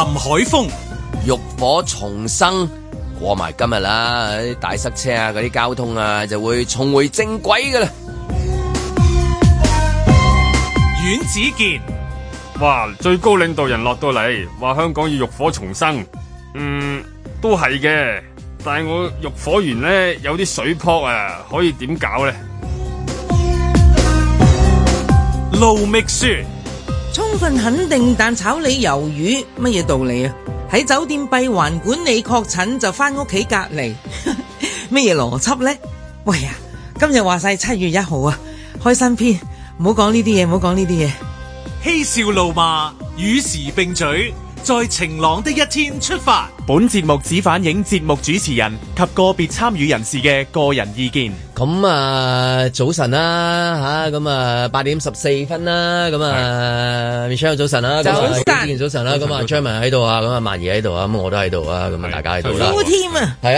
林海峰，浴火重生，過埋今日啦！大塞車啊，嗰啲交通啊，就會重回正軌噶啦。阮子健，哇！最高領導人落到嚟，話香港要浴火重生，嗯，都係嘅。但係我浴火完呢，有啲水泡啊，可以點搞呢？盧覓雪。充分肯定，但炒你魷魚乜嘢道理啊？喺酒店閉環管理確診就翻屋企隔離，乜嘢邏輯咧？喂啊！今日話晒七月一號啊，開新篇，唔好講呢啲嘢，唔好講呢啲嘢，嬉笑怒罵與時並舉，在晴朗的一天出發。本節目只反映節目主持人及個別參與人士嘅個人意見。咁啊，早晨啦吓，咁啊八點十四分啦，咁啊 Michelle 早晨啦，早晨早晨啦，咁啊 Charmaine 喺度啊，咁啊萬怡喺度啊，咁我都喺度啊，咁啊大家喺度啦。係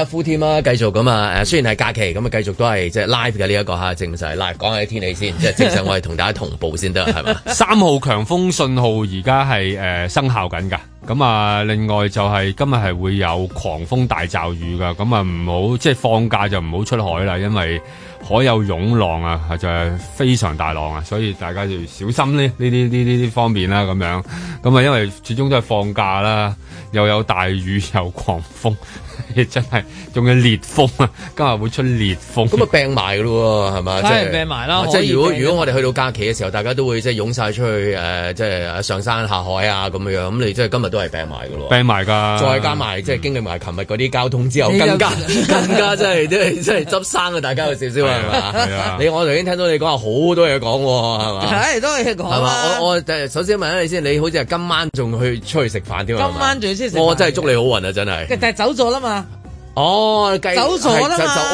啊，呼添啊，繼續咁啊，誒雖然係假期，咁啊繼續都係即係 live 嘅呢一個吓，正常。live 講下啲天氣先，即係正常，我哋同大家同步先得，係嘛。三號強風信號而家係誒生效緊噶。咁啊，另外就係今日係會有狂風大驟雨噶，咁啊唔好即係放假就唔好出海啦，因為海有湧浪啊，就係非常大浪啊，所以大家要小心呢呢啲呢啲方面啦，咁樣，咁啊因為始終都係放假啦，又有大雨又狂風。真係仲有烈風啊！今日會出烈風，咁啊病埋噶咯，係咪？梗係病埋啦！即係如果如果我哋去到假期嘅時候，大家都會即係湧晒出去誒，即係上山下海啊咁樣樣。咁你即係今日都係病埋噶咯？病埋㗎，再加埋即係經歷埋琴日嗰啲交通之後，更加更加真係即係即係執生啊！大家要少少係嘛？係啊！你我頭先聽到你講話好多嘢講喎，係嘛？係都係講啦。我我首先問下你先，你好似今晚仲去出去食飯添？今晚仲要出去食飯？我真係祝你好運啊！真係。但係走咗啦嘛～哦，走雞就就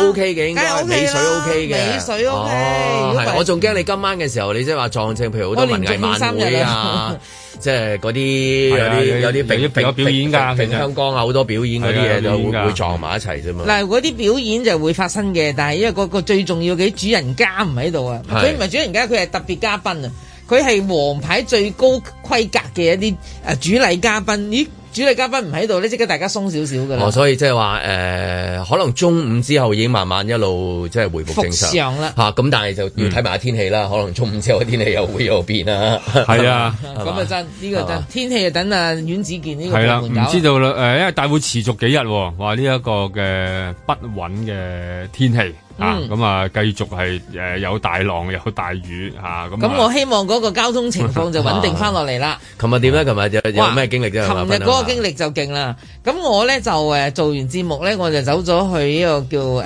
OK 嘅，應該尾水 OK 嘅，尾水 OK。我仲驚你今晚嘅時候，你即係話撞正，譬如好多文藝晚會啊，即係嗰啲有啲有啲表演噶，譬如香江啊好多表演嗰啲嘢就會撞埋一齊啫嘛。嗱，嗰啲表演就會發生嘅，但係因為個個最重要嘅主人家唔喺度啊，佢唔係主人家，佢係特別嘉賓啊，佢係皇牌最高規格嘅一啲誒主禮嘉賓。咦？主理嘉賓唔喺度咧，即刻大家鬆少少㗎啦。哦，所以即係話誒，可能中午之後已經慢慢一路即係、就是、回復正常啦。嚇，咁、啊、但係就要睇埋天氣啦。嗯、可能中午之後天氣又會又變啦。係啊，咁 啊真呢 、這個真天氣就等阿、啊、阮子健呢個門啦，唔、啊、知道啦。誒、呃，因為大會持續幾日、啊，話呢一個嘅不穩嘅天氣。咁啊，繼、啊、續係誒、呃、有大浪，有大雨吓，咁。咁、啊啊、我希望嗰個交通情況就穩定翻落嚟。啦，琴日點咧？琴日就有咩經歷啫？琴日嗰個經歷就勁啦。咁、啊、我咧就誒做完節目咧，我就走咗去呢個叫誒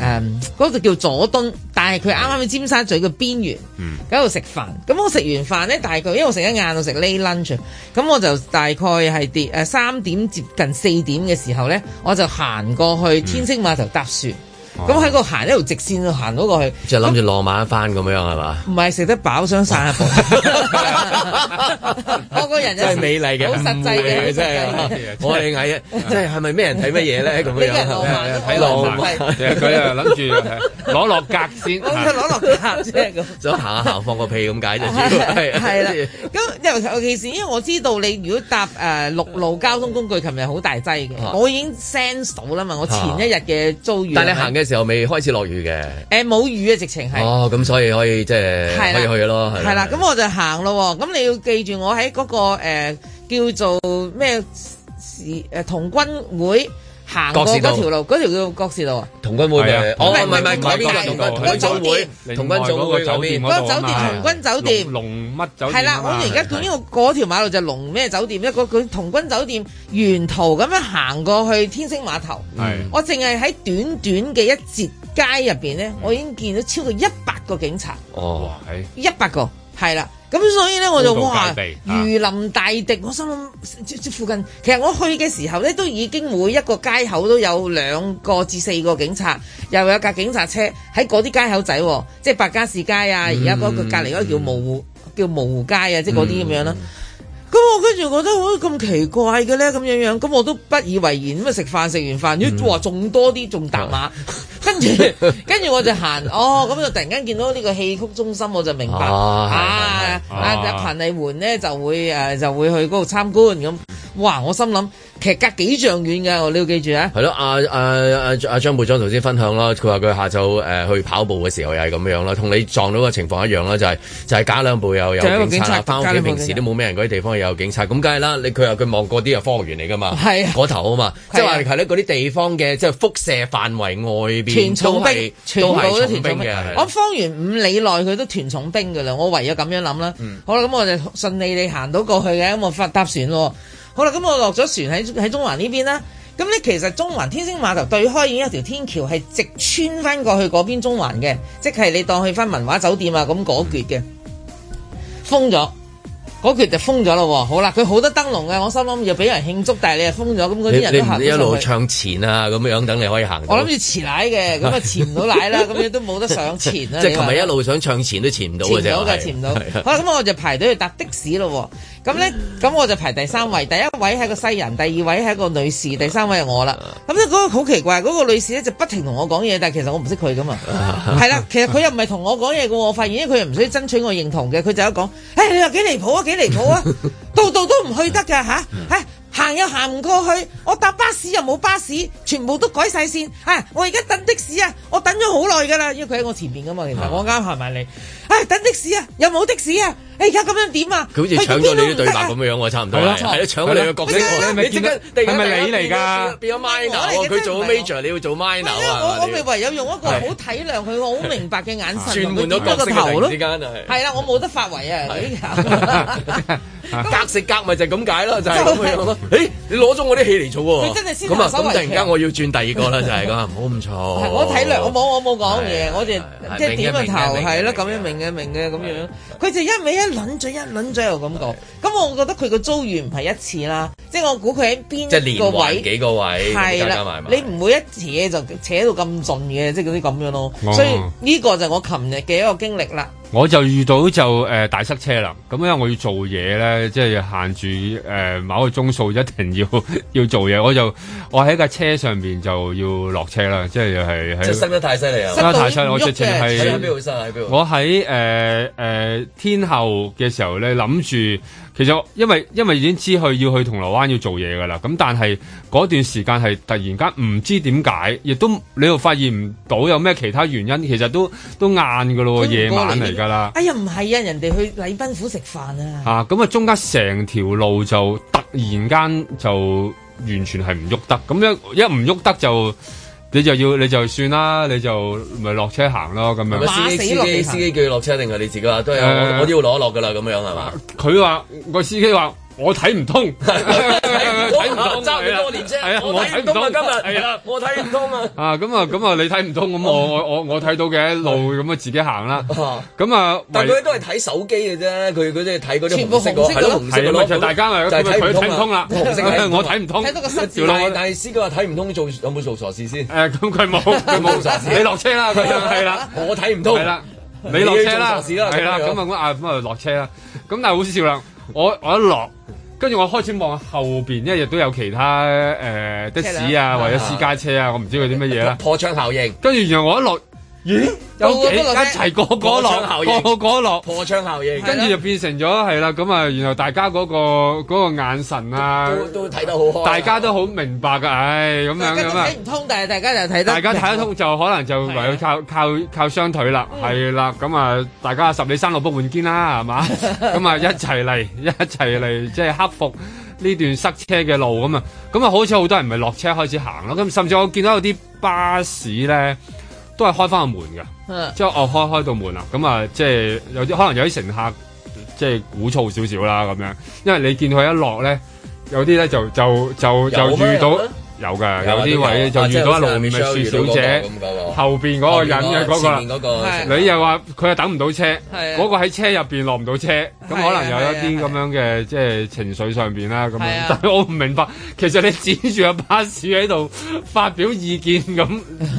嗰度叫佐敦，但係佢啱啱喺尖沙咀嘅邊緣，喺度食飯。咁我食完飯咧，大概因為我食咗晏，到食 late lunch，咁我就大概係跌誒、呃、三點接近四點嘅時候咧，我就行過去天星碼頭搭船。嗯咁喺個行一路直線行到過去，就諗住浪漫一番咁樣樣係嘛？唔係食得飽想散下步，我個人真係美麗嘅，好實際嘅真係。我哋嗌嘅，即係係咪咩人睇乜嘢咧咁樣睇浪佢啊諗住攞落格先，攞落格先咁。想行下行放個屁咁解就知。係啦，咁尤其是因為我知道你如果搭誒陸路交通工具，琴日好大劑嘅，我已經 sense 到啦嘛。我前一日嘅遭遇，但你行嘅。時候未開始落雨嘅、欸，誒，冇雨啊，直情係哦，咁所以可以即係、就是、<是的 S 1> 可以去咯，係啦，咁我就行咯、哦，咁你要記住我喺嗰、嗰個誒、呃、叫做咩事誒童軍會。行過嗰條路，嗰條叫國士路啊，童軍會嘅，唔係唔係唔係，童軍童軍酒店，童軍酒店嗰酒店，童軍酒店，龍乜酒店？係啦，我哋而家短於我嗰條馬路就龍咩酒店一嗰個童軍酒店，沿途咁樣行過去天星碼頭，我淨係喺短短嘅一截街入邊咧，我已經見到超過一百個警察，哦，一百個係啦。咁所以呢，我就哇，如臨大敵。啊、我心諗，即附近，其實我去嘅時候呢，都已經每一個街口都有兩個至四個警察，又有一架警察車喺嗰啲街口仔，即白加士街啊，而家嗰個隔離嗰個模糊，叫模糊街啊，即嗰啲咁樣啦。咁我跟住覺得，我咁奇怪嘅咧，咁樣樣，咁我都不以為然。咁啊食飯，食飯完飯要話仲多啲，仲搭馬。跟住，跟住我就行，哦，咁就突然間見到呢個戲曲中心，我就明白，啊呢就，啊，彭麗媛咧就會誒就會去嗰度參觀，咁。哇！我心諗，其實隔幾丈遠嘅，你要記住啊。係咯、啊，阿阿阿阿張部長頭先分享啦，佢話佢下晝誒、呃、去跑步嘅時候又係咁樣啦，同你撞到嘅情況一樣啦，就係、是、就係、是、隔兩步又有警察啦，翻屋企平時都冇咩人嗰啲地方有警察，咁梗係啦。佢話佢望過嗰啲係科學園嚟㗎嘛，係嗰頭啊嘛，即係話係咧嗰啲地方嘅即係輻射範圍外邊都係都係重兵我方圓五里內佢都團重兵㗎啦、啊。我唯有咁樣諗啦。嗯、好啦，咁我就順利你行到過去嘅，咁我發搭船喎。好啦，咁、嗯、我落咗船喺中，中環呢邊啦，咁咧其實中環天星碼頭對開已經有一條天橋係直穿翻過去嗰邊中環嘅，即係你當去翻文華酒店啊咁嗰橛嘅，封咗。嗰橛就封咗啦，好啦，佢好多燈籠嘅，我心諗又俾人慶祝，但係你又封咗，咁嗰啲人都行唔上去。你，你唔一路唱前啊？咁樣等你可以行。我諗住遲奶嘅，咁啊遲唔到奶啦，咁 樣都冇得上前啦、啊 。即係琴日一路想唱前都遲唔到嘅啫。遲唔到唔到。好啦，咁我就排隊去搭的士咯。咁咧、啊，咁我就排第三位，第一位係個西人，第二位係一個女士，第三位係我啦。咁咧 個好奇怪，嗰、那個女士咧就不停同我講嘢，但係其實我唔識佢噶嘛。係 啦，其實佢又唔係同我講嘢嘅喎，我發現因佢又唔使爭取我認同嘅，佢就喺講：誒、hey, 你話幾離譜啊？幾離譜啊，度度都唔去得噶吓吓。行又行唔過去，我搭巴士又冇巴士，全部都改晒線啊！我而家等的士啊，我等咗好耐噶啦，因為佢喺我前邊噶嘛，其實我啱行埋你，唉，等的士啊，又冇的士啊，唉，而家咁樣點啊？佢好似搶咗你嘅對白咁樣我差唔多係咯，係咯，搶咗你嘅角色，係咪你嚟噶佢做 major，你要做 minor 你而家你而家你而家你而家你而家你而家你而家你而家你而家而家你而家你而家你而家你隔食隔咪就咁解咯，就係咁樣咯。誒，你攞咗我啲氣嚟做喎。佢真係先咁啊，咁突然間我要轉第二個啦，就係咁，好唔錯。我體諒我冇，我冇講嘢，我哋即係點個頭，係咯，咁樣明嘅，明嘅咁樣。佢就一味一輪嘴，一輪嘴又咁講。咁我覺得佢嘅遭遇唔係一次啦，即係我估佢喺邊個位幾個位，係啦，你唔會一次就扯到咁盡嘅，即係嗰啲咁樣咯。所以呢個就係我琴日嘅一個經歷啦。我就遇到就誒、呃、大塞車啦，咁因為我要做嘢咧，即係限住誒、呃、某個鐘數一定要 要做嘢，我就我喺架車上邊就要落車啦，即係又係喺。就塞得太犀利啊！塞得太犀利，我直情係。喺我喺誒誒天后嘅時候咧，諗住。其實因為因為已經知佢要去銅鑼灣要做嘢噶啦，咁但係嗰段時間係突然間唔知點解，亦都你又發現唔到有咩其他原因，其實都都晏噶咯，夜晚嚟噶啦。哎呀，唔係啊，人哋去禮賓府食飯啊。吓，咁啊，中間成條路就突然間就完全係唔喐得，咁一一唔喐得就。你就要你就算啦，你就咪落車行咯，咁樣。是是司機司機叫你落車定係你自己啊？都係、呃、我我都要落一落噶啦，咁樣係嘛？佢話個司機話。我睇唔通，我睇唔通揸咗多年啫。我睇唔通啊今日，係啦，我睇唔通啊。啊咁啊咁啊，你睇唔通，咁我我我我睇到嘅一路咁啊自己行啦。咁啊，但佢都係睇手機嘅啫，佢佢都係睇嗰啲大家啊，就係睇唔通啦。我睇唔通。睇到個十字但係司哥話睇唔通做有冇做傻事先。誒，咁佢冇，佢冇錯。你落車啦，佢係啦，我睇唔通。係啦。你落車啦，係啦、啊，咁啊咁啊咁落車啦，咁 但係好笑啦，我我一落，跟住我開始望後邊，一日都有其他誒的士啊，或者私家車啊，啊我唔知佢啲乜嘢啦，破窗效應，跟住然後我一落，咦？有一齊個個落，落破窗效應，跟住<是的 S 2> 就變成咗係啦。咁啊，然後大家嗰、嗰個嗰個眼神啊，都睇得好大家都好明白噶，唉、哎、咁樣咁啊。睇唔通，但係大家就睇得。大家睇得通就可能就唯有靠靠靠雙腿啦，係啦。咁啊，大家十里山路不換肩啦，係嘛？咁啊 ，一齊嚟，一齊嚟，即係克服呢段塞車嘅路咁啊。咁啊，好似好多人咪落車開始行咯。咁甚至我見到有啲巴士咧。都係開翻個門嘅，即係我開開到門啦，咁、嗯、啊，即係有啲可能有啲乘客即係鼓噪少少啦咁樣，因為你見佢一落咧，有啲咧就就就就遇到。有㗎，有啲位就遇到喺路面嘅雪小姐，後邊嗰個人嘅嗰個你又話佢又等唔到車，嗰個喺車入邊落唔到車，咁可能有一啲咁樣嘅即係情緒上邊啦咁樣。但係我唔明白，其實你指住架巴士喺度發表意見咁，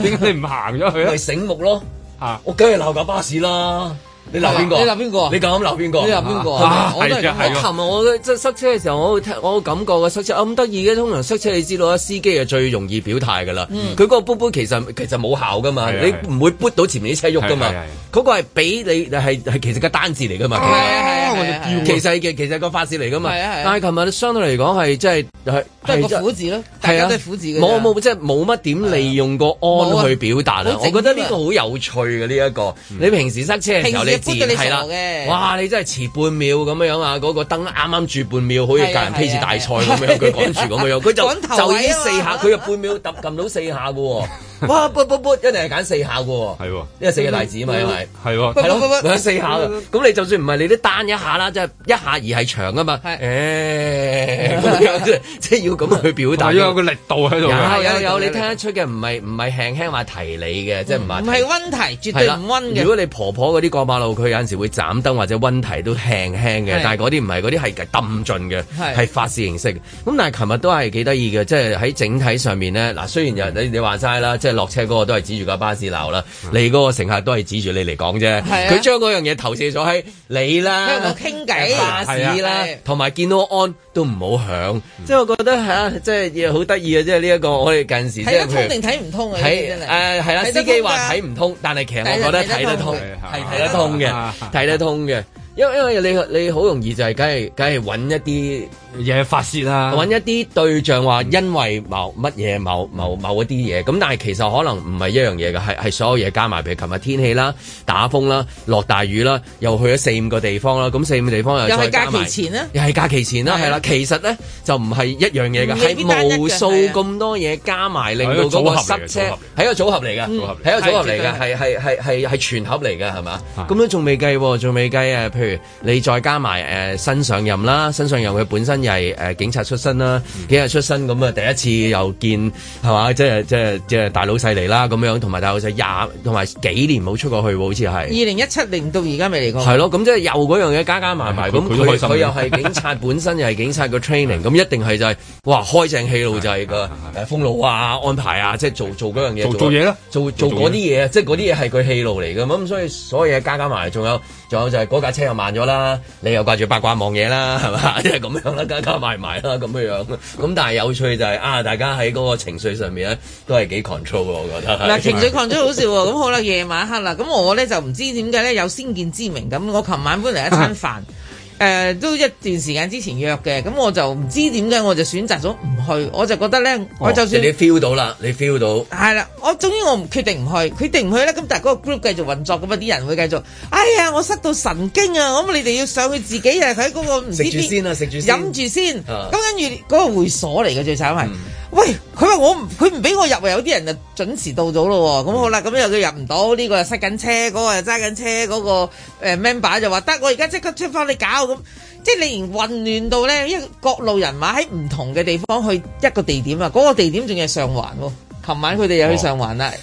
點解你唔行咗去啊？咪醒目咯，啊！我梗係鬧架巴士啦。你鬧邊個？你鬧邊個？你究竟鬧邊個？你鬧邊個？係啊！係。琴日我即係塞車嘅時候，我會我感覺個塞車咁得意嘅。通常塞車，你知道啦，司機係最容易表態噶啦。佢嗰個撥撥其實其實冇效噶嘛，你唔會撥到前面啲車喐噶嘛。係係。嗰個係俾你係其實個單字嚟嘅嘛。其實嘅其實個法字嚟嘅嘛。但係琴日相對嚟講係即係係。即係個虎字咯。係啊。即係虎字。冇冇即係冇乜點利用個安去表達。我覺得呢個好有趣嘅呢一個。你平時塞車嘅時候，係啦嘅，哇！你真係遲半秒咁樣啊！嗰個燈啱啱住半秒，好似隔人 P 字大賽咁樣嘅，趕住咁嘅樣，佢 就就已經四下，佢就 半秒揼撳到四下嘅喎。哇，卜卜卜一定係揀四下嘅，係喎，因為四個大子啊嘛，因為係喎，係咯，係咯，四下嘅。咁你就算唔係你都單一下啦，即係一下而係長啊嘛。誒，即係即係要咁去表達，要有個力度喺度。有有，你聽得出嘅唔係唔係輕輕話提你嘅，即係唔係？唔係温提，絕對唔温嘅。如果你婆婆嗰啲過馬路，佢有陣時會斬燈或者温提都輕輕嘅，但係嗰啲唔係，嗰啲係揼盡嘅，係發洩形式。咁但係琴日都係幾得意嘅，即係喺整體上面咧。嗱，雖然有人你你話齋啦，落車嗰個都係指住架巴士鬧啦，你嗰個乘客都係指住你嚟講啫。佢將嗰樣嘢投射咗喺你啦，傾偈巴士啦，同埋見到安都唔好響。即係我覺得吓，即係好得意嘅，即係呢一個我哋近時睇得通定睇唔通嘅嘢真係。誒係啦，司機話睇唔通，但係其實我覺得睇得通，係睇得通嘅，睇得通嘅。因為因為你你好容易就係，梗係梗係揾一啲。嘢發泄啦，揾一啲對象話，因為某乜嘢某某某一啲嘢，咁但係其實可能唔係一樣嘢嘅，係係所有嘢加埋，譬如琴日天氣啦、打風啦、落大雨啦，又去咗四五個地方啦，咁四五個地方又再加埋，又係假期前啦，又係假期前啦，係啦，其實咧就唔係一樣嘢嘅，係無數咁多嘢加埋，令到嗰個塞車，係一個組合嚟嘅，係一個組合嚟嘅，係係係係係全盒嚟嘅，係嘛？咁都仲未計喎，仲未計啊！譬如你再加埋誒新上任啦，新上任佢本身。又係誒，警察出身啦，幾日出身咁啊！第一次又見係嘛，即係即係即係大佬細嚟啦，咁樣同埋大佬細廿，同埋幾年冇出過去喎，好似係。二零一七年到而家未嚟過。係咯、啊，咁即係又嗰樣嘢加加埋埋，咁佢、哎、又係警察本身又係警察個 training，咁一定、啊、係就係、是、哇開正氣路就係個誒封路啊,啊,啊,啊安排啊，即係做做嗰樣嘢。做嘢啦。做做嗰啲嘢即係嗰啲嘢係佢氣路嚟噶，咁所以所有嘢加加埋，仲有仲有就係嗰架車又慢咗啦，你又掛住八卦望嘢啦，係嘛 ，即係咁樣啦。加加埋埋啦，咁嘅樣，咁但係有趣就係啊，大家喺嗰個情緒上面咧，都係幾 control 我覺得。嗱，情緒 control 好笑喎、哦，咁好啦，夜晚黑啦，咁我咧就唔知點解咧有先見之明，咁我琴晚搬嚟一餐飯。誒都一段時間之前約嘅，咁我就唔知點解我就選擇咗唔去，我就覺得咧，我就算你 feel 到啦，你 feel 到係啦，我終於我唔決定唔去，決定唔去咧，咁但係嗰個 group 繼續運作噶嘛，啲人會繼續，哎呀我塞到神經啊，咁你哋要上去自己啊，佢喺嗰個唔知住先啊，食住先，飲住先，咁跟住嗰個會所嚟嘅最慘係，喂佢話我佢唔俾我入喎，有啲人就準時到咗咯喎，咁好啦，咁又佢入唔到，呢個又塞緊車，嗰個又揸緊車，嗰個誒 member 就話得，我而家即刻出翻你搞。即係你連混亂到呢，一各路人馬喺唔同嘅地方去一個地點啊，嗰、那個地點仲係上環。琴晚佢哋又去上環咧。哦。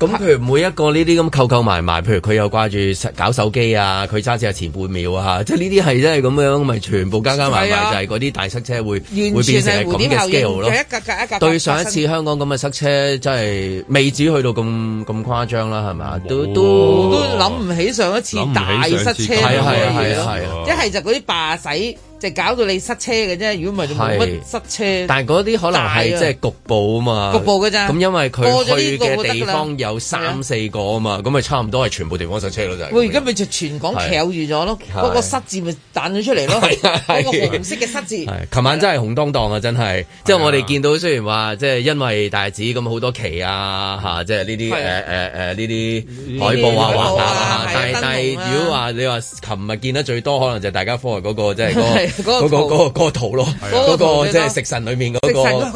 咁譬如每一個呢啲咁扣扣埋埋，譬如佢又掛住搞手機啊，佢揸車前半秒啊，即係呢啲係真係咁樣，咪、就係、全部加加埋埋 就係嗰啲大塞車會 會變成咁嘅 s 一格格一格，對上一次香港咁嘅塞車，真係未至於去到咁咁誇張啦，係咪？都、哦、都都諗唔起上一次大塞車啊，嘢啊，即係就嗰啲駕駛。就係搞到你塞車嘅啫，如果唔係就冇乜塞車。但係嗰啲可能係即係局部啊嘛，局部㗎咋？咁因為佢去嘅地方有三四個啊嘛，咁咪差唔多係全部地方塞車咯，就係。喂，而家咪就全港釣住咗咯，嗰個塞字咪彈咗出嚟咯，嗰個紅色嘅塞字。係，琴晚真係紅當當啊！真係，即係我哋見到雖然話即係因為大紫咁好多旗啊吓，即係呢啲誒誒誒呢啲海報啊畫，但係但係如果話你話琴日見得最多可能就係大家科嘅嗰個即係嗰。嗰個嗰個嗰個圖咯，嗰個即係食神裏面嗰個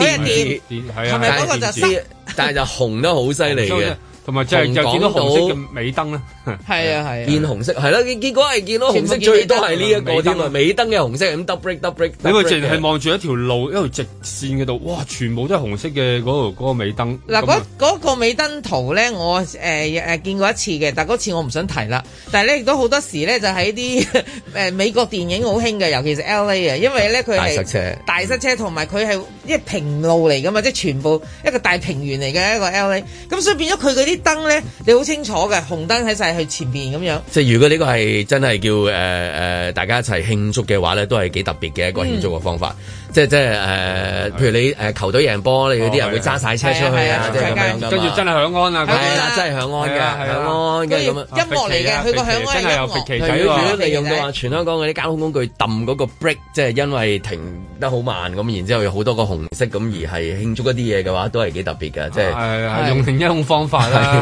電視，係咪嗰個就紅？但係就紅得好犀利嘅，同埋即係就見到紅色嘅尾燈咧。係 啊係，變、啊啊、紅色係啦，結果係見到紅色最多係呢一個添啊，尾燈嘅紅色咁 double double，你會淨係望住一條路一路直線嘅度，哇，全部都係紅色嘅嗰個尾燈。嗱，嗰嗰個尾燈圖咧，圖我誒誒見過一次嘅，但嗰次我唔想提啦。但係咧亦都好多時咧，就喺啲誒美國電影好興嘅，尤其是 L A 啊，因為咧佢係大塞車，同埋佢係一平路嚟噶嘛，即係全部一個大平原嚟嘅一個 L A，咁所以變咗佢嗰啲燈咧，你好清楚嘅紅燈喺晒。喺前面咁樣，即係如果呢個係真係叫誒誒、呃呃，大家一齊慶祝嘅話咧，都係幾特別嘅一個慶祝嘅方法。嗯即係即係誒，譬如你誒球隊贏波，你嗰啲人會揸晒車出去啊，即係咁樣。跟住真係響安啊，啦，真係響安嘅，響安。音樂嚟嘅，佢個響安係音樂。如果利用到話，全香港嗰啲交通工具抌嗰個 break，即係因為停得好慢咁，然之後有好多個紅色咁而係慶祝一啲嘢嘅話，都係幾特別嘅，即係用另一種方法啦。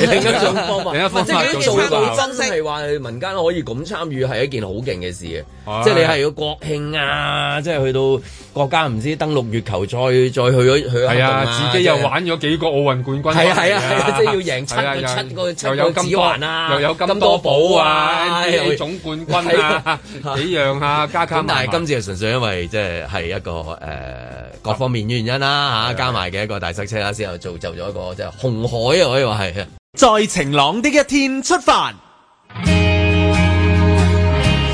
另一種方法，即係如果做到真分析，係話民間可以咁參與係一件好勁嘅事嘅。即係你係要國慶啊，即係去到國家唔知登陸月球，再再去咗去係啊，自己又玩咗幾個奧運冠軍，係啊係啊，即係要贏七個七個七個金環啊，又有金多寶啊，啲總冠軍啊，幾樣啊加卡。但係今次係純粹因為即係係一個誒各方面原因啦吓，加埋嘅一個大塞車啦，先又造就咗一個即係紅海啊可以話係。在晴朗的一天出發。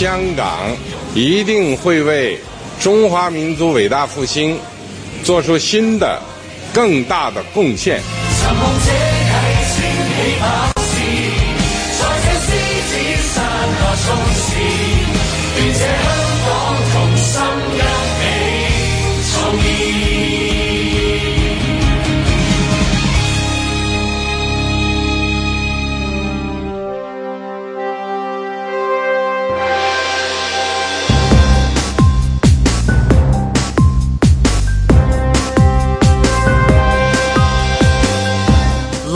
香港一定會為中華民族偉大復興做出新的、更大的貢獻。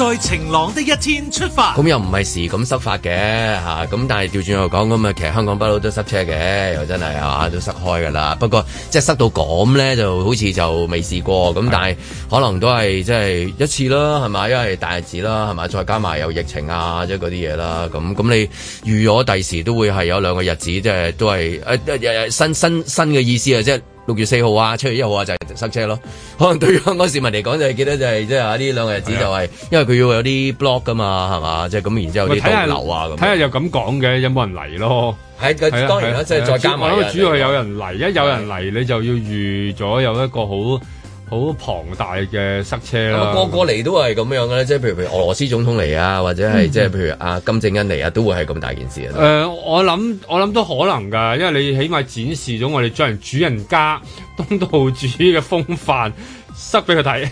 在晴朗的一天出發，咁又唔係時咁塞法嘅嚇，咁、啊、但係調轉又講咁啊，其實香港不嬲都塞車嘅，又真係嚇、啊、都塞開噶啦。不過即係塞到咁咧，就好似就未試過咁，但係可能都係即係一次啦，係咪？因為大日子啦，係咪？再加埋有疫情啊，即係嗰啲嘢啦。咁咁、嗯、你預咗第時都會係有兩個日子，即係都係誒、啊啊、新新新嘅意思啊，即係。六月四號啊，七月一號啊，就塞車咯。可能對於香港市民嚟講，就係、是、記得、就是，就係，即係啊呢兩個日子就係、是，啊、因為佢要有啲 block 噶嘛，係嘛？即係咁，然之後啲人流啊，睇下又咁講嘅，有冇人嚟咯？係、啊，當然啦，即係、啊啊、再加埋、啊。我諗、啊啊、主要係有人嚟，一、啊、有人嚟，啊、你就要預咗有一個好。好龐大嘅塞車啦，個個嚟都係咁樣嘅咧，即係譬如譬如俄羅斯總統嚟啊，或者係即係譬如阿金正恩嚟啊，都會係咁大件事啊。誒、嗯，我諗我諗都可能㗎，因為你起碼展示咗我哋將人主人家、東道主嘅風範，塞俾佢睇。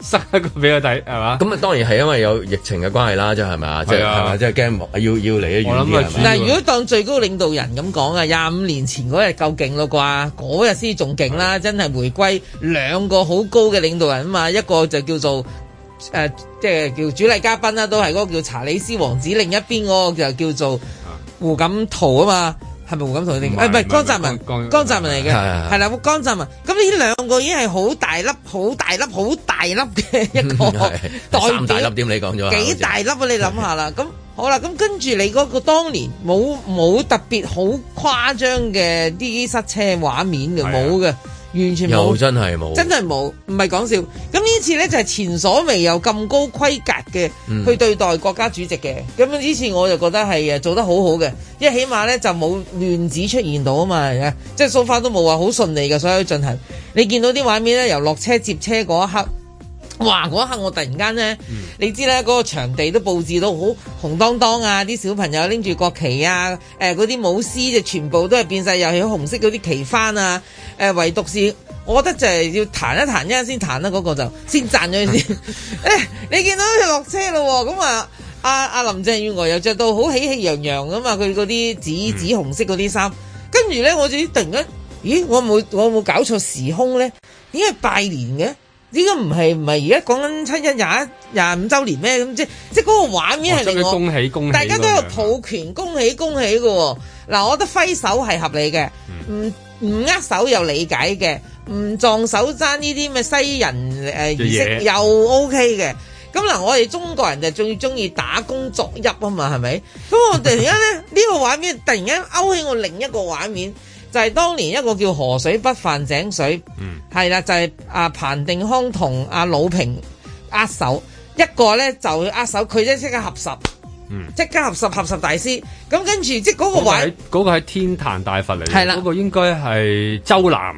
生一個俾我睇係嘛？咁啊，當然係因為有疫情嘅關係啦，即係係嘛，即係係即係驚要要嚟一遠啲。嗱，但係如果當最高領導人咁講啊，廿五年前嗰日夠勁啦啩，嗰日先仲勁啦，<是的 S 2> 真係回歸兩個好高嘅領導人啊嘛，一個就叫做誒，即、呃、係叫主禮嘉賓啦，都係嗰個叫查理斯王子，另一邊嗰個就叫做胡錦濤啊嘛。係咪胡錦濤啲？唔係唔係江澤民，江澤民嚟嘅，係啦，江澤民。咁呢兩個已經係好大粒、好大粒、好大粒嘅一個代表。啊、大粒點你講咗？幾大粒啊？你諗下啦。咁、啊、好啦，咁跟住你嗰個當年冇冇特別好誇張嘅呢啲塞車畫面嘅冇嘅。完全冇，真係冇，真係冇，唔係講笑。咁呢次呢，就係、是、前所未有咁高規格嘅、嗯、去對待國家主席嘅。咁呢次我就覺得係誒做得好好嘅，因為起碼呢就冇亂子出現到啊嘛。即係 so far 都冇話好順利嘅所以進行。你見到啲畫面呢，由落車接車嗰一刻。哇！嗰一刻我突然間咧，嗯、你知咧嗰、嗰個場地都佈置到好紅當當啊！啲小朋友拎住國旗啊，誒嗰啲舞獅就全部都係變晒，又係紅色嗰啲旗幡啊！誒、呃、唯獨是，我覺得就係要彈一彈，一彈，彈先，先，先彈啦嗰個就先讚咗先。誒 、哎，你見到佢落車咯喎！咁啊，阿、啊、阿、啊、林鄭月娥又着到好喜氣洋洋噶嘛，佢嗰啲紫、嗯、紫紅色嗰啲衫。跟住咧，我就突然間，咦？我冇我冇搞錯時空咧？點解係拜年嘅？呢個唔係唔係而家講緊七一廿一廿五週年咩？咁即即嗰、那個畫面係令我，大家都有抱拳，恭喜恭喜嘅喎。嗱、啊，我覺得揮手係合理嘅，唔唔、嗯、握手又理解嘅，唔撞手踭呢啲咁嘅西人誒儀式又 OK 嘅。咁、啊、嗱，我哋中國人就最中意打躬作揖啊嘛，係咪？咁我突然間咧，呢 個畫面突然間勾起我另一個畫面。就係當年一個叫河水不犯井水，係啦、嗯，就係、是、阿、啊、彭定康同阿魯平握手，一個咧就去握手，佢咧即刻合十，即、嗯、刻合十合十大師，咁跟住即嗰個位嗰個係、那個、天壇大佛嚟，嗰個應該係周南。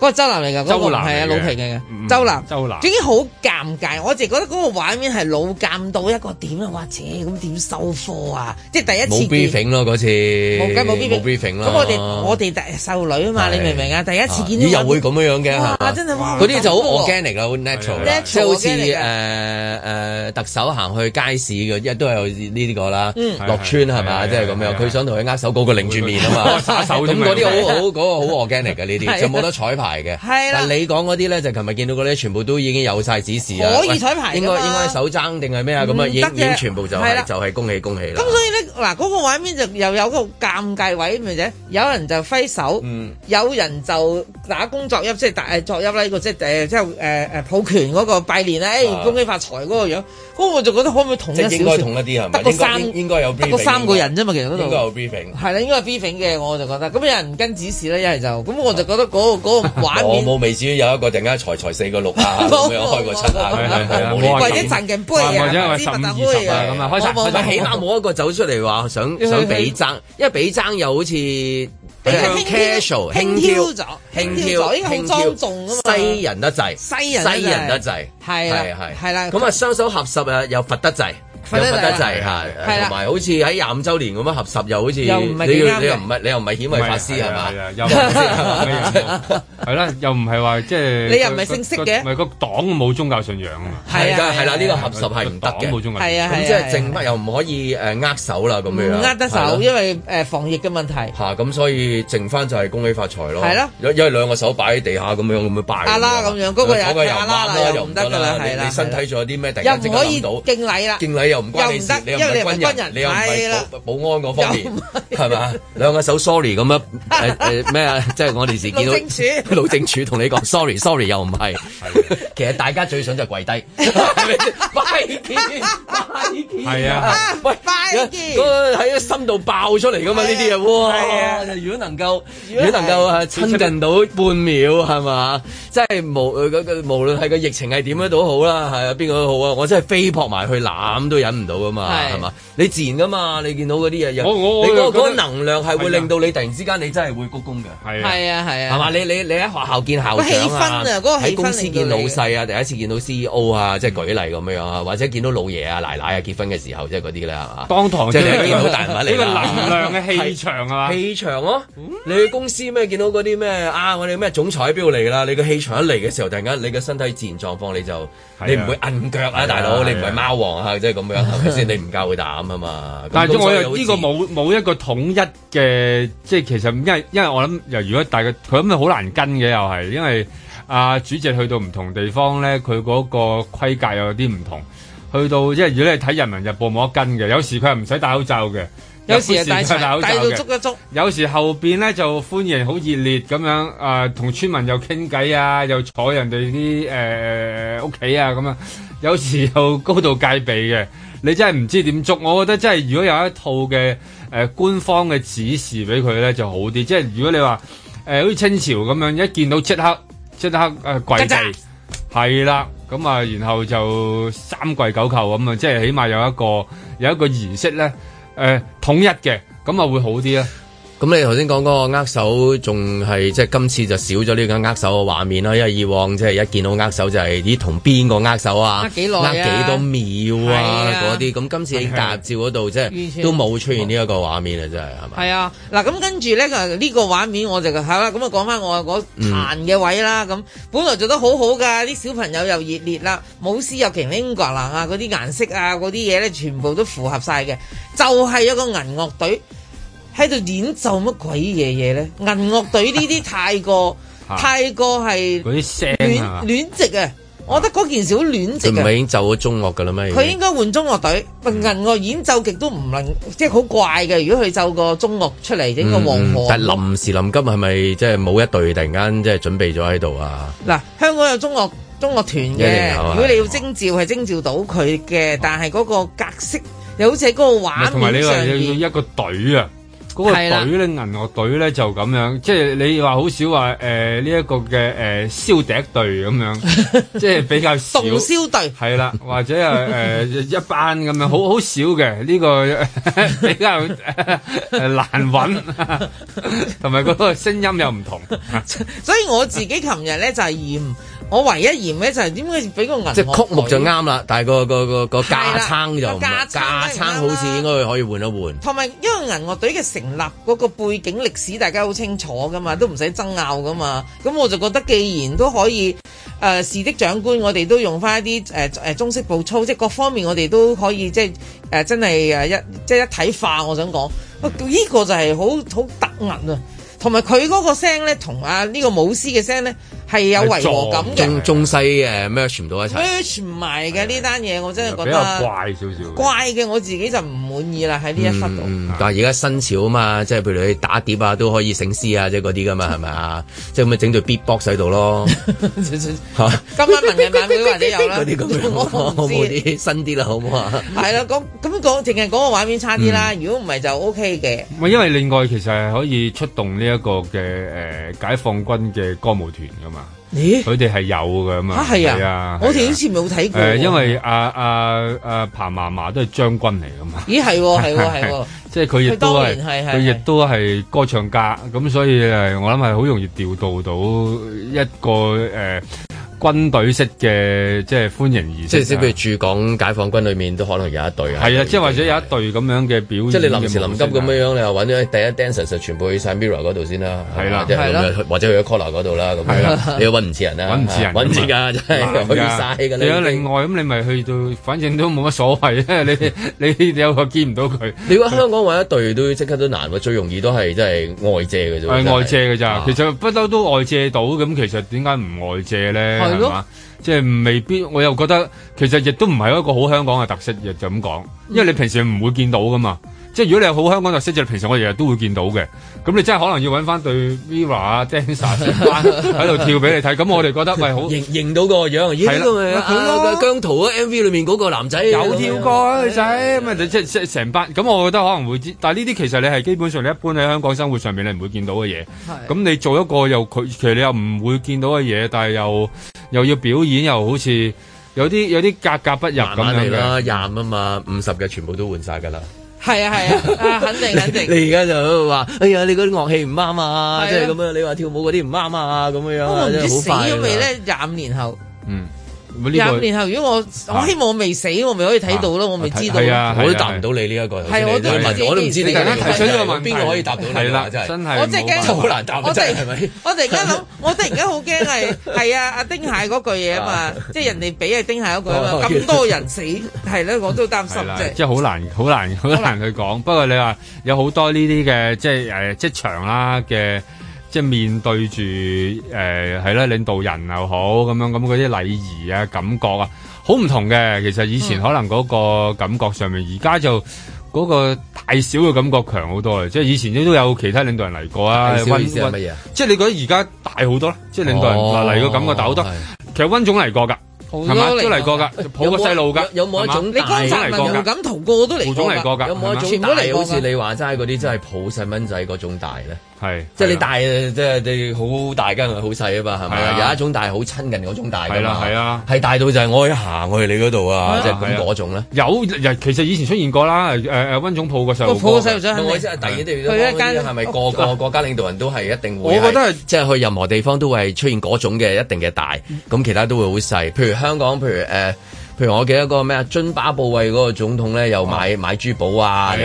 嗰個周南嚟㗎，周南係啊老皮嘅，周南。周南，點解好尷尬？我淨係覺得嗰個畫面係老尷到一個點啊！或者咁點收貨啊？即係第一次 briefing 咯嗰次，冇緊冇 briefing 咯。咁我哋我哋秀女啊嘛，你明唔明啊？第一次見到咦又會咁樣樣嘅，嗰啲就好 organic 㗎，好 natural，即好似誒誒特首行去街市嘅，一都係呢啲個啦，落村係咪？即係咁樣。佢想同佢握手，嗰個擰住面啊嘛，咁嗰啲好好嗰個好 organic 㗎呢啲，就冇得彩排。牌嘅，但係你講嗰啲咧，就琴日見到嗰啲全部都已經有晒指示啊，可以彩排，應該應該手踭定係咩啊？咁啊，樣已經已經全部就係、是、就係恭喜恭喜啦。嗱，嗰個畫面就又有個尷尬位咪嘅啫，有人就揮手，有人就打工作揖，即係作揖啦，個即係即係誒誒抱拳嗰個拜年啦，恭喜發財嗰個樣，咁我就覺得可唔可以統一啲少？得個三應該有得個三個人啫嘛，其實嗰度係啦，應該係 briefing 嘅，我就覺得咁有人跟指示咧，一係就咁我就覺得嗰個嗰畫面我冇未至於有一個突然間財財四個六啊，開個七啊，為啲陳勁杯啊，啲乜蛋杯啊，咁啊，開起碼冇一個走出嚟。譬如話想想比爭，因為比爭又好似輕佻咗，輕佻應該係莊重啊嘛，西人得滯，西人西人得滯，係係係啦，咁啊雙手合十啊，又佛得滯。又發得滯嚇，同埋好似喺廿五週年咁樣合十，又好似你要你又唔係你又唔係顯微法師係嘛？係啦，又唔係話即係你又唔係正式嘅，咪個黨冇宗教信仰啊嘛？係㗎，係啦，呢個合十係唔得嘅，係啊，咁即係剩乜又唔可以誒握手啦咁樣，唔握手，因為誒防疫嘅問題。嚇，咁所以剩翻就係恭喜發財咯，係咯，因因為兩個手擺喺地下咁樣會唔會拜？拉咁樣，嗰個又拜啦，又唔得㗎啦，係啦。身體仲有啲咩突然之間諗到敬禮啦，敬禮。又唔關你事，因為你唔係軍人，你又唔係保安方面，係嘛？兩個手 sorry 咁樣，咩啊？即係我哋視見到老政署同你講 sorry，sorry 又唔係。其實大家最想就跪低，拜見，拜見，係啊！喂，拜見嗰個喺心度爆出嚟㗎嘛？呢啲嘢，哇！如果能夠，如果能夠親近到半秒，係嘛？即係無嗰個無論係個疫情係點樣都好啦，係啊，邊個都好啊！我真係飛撲埋去攬都。忍唔到噶嘛，係嘛？你自然噶嘛？你見到嗰啲嘢，又你嗰個嗰個能量係會令到你突然之間你真係會鞠躬嘅。係啊，係啊，係啊，係嘛？你你你喺學校見校長啊，喺公司見老細啊，第一次見到 CEO 啊，即係舉例咁樣啊，或者見到老爺啊、奶奶啊結婚嘅時候，即係嗰啲咧，係嘛？當堂即係見到大人物個能量嘅氣場啊，氣場咯！你去公司咩見到嗰啲咩啊？我哋咩總裁邊度嚟啦！你個氣場一嚟嘅時候，突然間你嘅身體自然狀況，你就你唔會韌腳啊，大佬！你唔係貓王啊，即係咁。先？你唔夠佢膽啊嘛！但係我又呢個冇冇一個統一嘅，即係 其實因為因為我諗，又如果大個佢咁，咪好難跟嘅又係，因為阿、啊、主席去到唔同地方咧，佢嗰個規格又有啲唔同。去到即係、就是、如果你睇《人民日報》冇得跟嘅，有時佢係唔使戴口罩嘅，有時戴戴口罩嘅，到捉一捉。有時後邊咧就歡迎好熱烈咁樣啊，同村民又傾偈啊，又坐人哋啲誒屋企啊咁樣。有時又高度戒備嘅。你真係唔知點捉，我覺得真係如果有一套嘅誒、呃、官方嘅指示俾佢咧就好啲。即係如果你話誒好似清朝咁樣，一見到即刻即刻誒跪地，係啦，咁啊，然後就三跪九叩咁啊，即係起碼有一個有一個儀式咧誒、呃、統一嘅，咁啊會好啲啊！咁你頭先講嗰個握手，仲係即係今次就少咗呢個握手嘅畫面啦。因為以往即係一見到握手就係啲同邊個握手啊，握幾耐、啊、握幾多秒啊嗰啲。咁、啊、今次喺合照嗰度即係都冇出現呢一個畫面啊，真係係咪？係啊，嗱咁跟住咧呢、呢個畫面我就係啦，咁啊講翻我我彈嘅位啦。咁、嗯、本來做得好好㗎，啲小朋友又熱烈啦，舞獅又擎英噶啦，嗰啲顏色啊嗰啲嘢咧全部都符合晒嘅，就係、是、一個銀樂隊。喺度演奏乜鬼嘢嘢咧？銀樂隊呢啲太過太過係，啲聲啊，亂亂籍啊！我覺得嗰件事好亂籍啊！佢唔係已經就咗中樂噶啦咩？佢應該換中樂隊，咪銀樂演奏極都唔能，即係好怪嘅。如果佢就個中樂出嚟，整個黃河。但臨時臨急係咪即係冇一隊突然間即係準備咗喺度啊？嗱，香港有中樂中樂團嘅，如果你要徵召係徵召到佢嘅，但係嗰個格式又好似嗰個畫同埋你話要一個隊啊！嗰個隊咧，銀樂隊咧就咁樣，即係你話好少話誒呢一個嘅誒、呃、燒笛隊咁樣，即係比較少燒笛，係 啦，或者誒誒、呃、一班咁樣，好好少嘅呢個 比較、呃、難揾，同埋嗰個聲音又唔同，所以我自己琴日咧就係、是、驗。我唯一嫌呢就係點解俾個銀即曲目就啱啦，但係個個個架撐就架撐好似應該可以換一換。同埋、啊、因為銀樂隊嘅成立嗰、那個背景歷史，大家好清楚噶嘛，都唔使爭拗噶嘛。咁我就覺得，既然都可以誒事、呃、的長官，我哋都用翻一啲誒誒中式步操，即各方面我哋都可以即係誒、呃、真係誒一即係一體化。我想講呢、呃這個就係好好突兀啊！同埋佢嗰個聲咧，同阿、啊、呢、這個舞獅嘅聲呢。係有違和感嘅，中中西嘅 merge 唔到一齊，merge 唔埋嘅呢單嘢，我真係覺得比較怪少少。怪嘅我自己就唔滿意啦，喺呢一忽度。但係而家新潮啊嘛，即係譬如你打碟啊都可以醒獅啊，即係嗰啲噶嘛，係咪啊？即係咁啊，整在 beatbox 喺度咯。今晚文藝晚會或者有啦，啲咁樣，啲新啲啦，好唔好啊？係啦，講咁講，淨係講個畫面差啲啦。如果唔係就 OK 嘅。因為另外其實係可以出動呢一個嘅誒解放軍嘅歌舞團噶嘛。佢哋係有㗎嘛，有啊？啊！係啊！我哋好似冇睇過。誒，因為阿阿阿彭嫲嫲都係將軍嚟㗎嘛。咦，係喎、啊，係喎、啊，係喎、啊。啊、即係佢亦都係，佢亦都係歌唱家。咁、啊、所以係我諗係好容易調度到一個誒。呃軍隊式嘅即係歡迎儀式，即係先譬如駐港解放軍裏面都可能有一隊啊。係啊，即係或者有一隊咁樣嘅表演，即係你臨時臨急咁樣，你又揾咗第一 dancers 全部去晒 mirror 嗰度先啦。係啦，或者去咗 caller 嗰度啦。係啦，你又揾唔似人啦，揾唔似人，揾唔似㗎真係。去曬你有另外咁，你咪去到，反正都冇乜所謂啊！你你有個見唔到佢。你話香港揾一隊都即刻都難喎，最容易都係即係外借嘅啫。外借嘅咋，其實不嬲都外借到。咁其實點解唔外借咧？係嘛？即係未必，我又覺得其實亦都唔係一個好香港嘅特色，亦就咁講，因為你平時唔會見到噶嘛。即係如果你係好香港就識啫，平時我日日都會見到嘅。咁你真係可能要揾翻對 Viva 啊 Dancer 成班喺度跳俾你睇。咁我哋覺得喂，好認到個樣，依個咪佢咯，姜濤啊 MV 裏面嗰個男仔有跳過啊，你睇咪即係成班。咁我覺得可能會，但係呢啲其實你係基本上你一般喺香港生活上面你唔會見到嘅嘢。咁你做一個又佢，其實你又唔會見到嘅嘢，但係又又要表演，又好似有啲有啲格格不入咁你嘅。廿五啊嘛，五十嘅全部都換晒㗎啦。係啊係啊，啊肯定肯定！肯定 你而家就話，哎呀，你嗰啲樂器唔啱啊，即係咁樣，你話跳舞嗰啲唔啱啊，咁樣樣，真係好快。死咗未呢？廿五年後，嗯。廿五年後，如果我我希望我未死，我咪可以睇到咯，我咪知道。係啊，我都答唔到你呢一個。係我問，我都唔知你突然問邊個可以答到？你？係啦，真係，真係好難答真。我哋驚，我哋我哋而家諗，我突然間好驚係係啊阿丁蟹嗰句嘢啊嘛，即係人哋俾係丁蟹嗰句啊嘛，咁多人死係咧，我都擔心啫。即係好難，好難，好難去講。不過你話有好多呢啲嘅，即係誒職場啦嘅。即係面對住誒係啦，領導人又好咁樣咁嗰啲禮儀啊，感覺啊，好唔同嘅。其實以前可能嗰個感覺上面，而家就嗰個大小嘅感覺強好多。即係以前都有其他領導人嚟過啊。意思係乜嘢，即係你覺得而家大好多咧？即係領導人嚟個感覺大好多。其實溫總嚟過噶，係咪都嚟過噶，抱個細路噶。有冇一種？你剛才問胡錦濤個都嚟過，有冇一種大？好似你話齋嗰啲，真係抱細蚊仔嗰種大咧。係，即係你大，即係你好大間，好細啊嘛，係咪？有一種大好親近嗰種大噶嘛，係啦，係啊，係大到就係我可以行去你嗰度啊，即係咁嗰種咧。有，其實以前出現過啦，誒，温總鋪個細路哥，鋪個細路仔，我知係第一啲，佢一間係咪個個國家領導人都係一定會？我覺得係，即係去任何地方都會出現嗰種嘅一定嘅大，咁其他都會好細。譬如香港，譬如誒。譬如我記得個咩啊，津巴布韋嗰個總統咧，又買買珠寶啊，即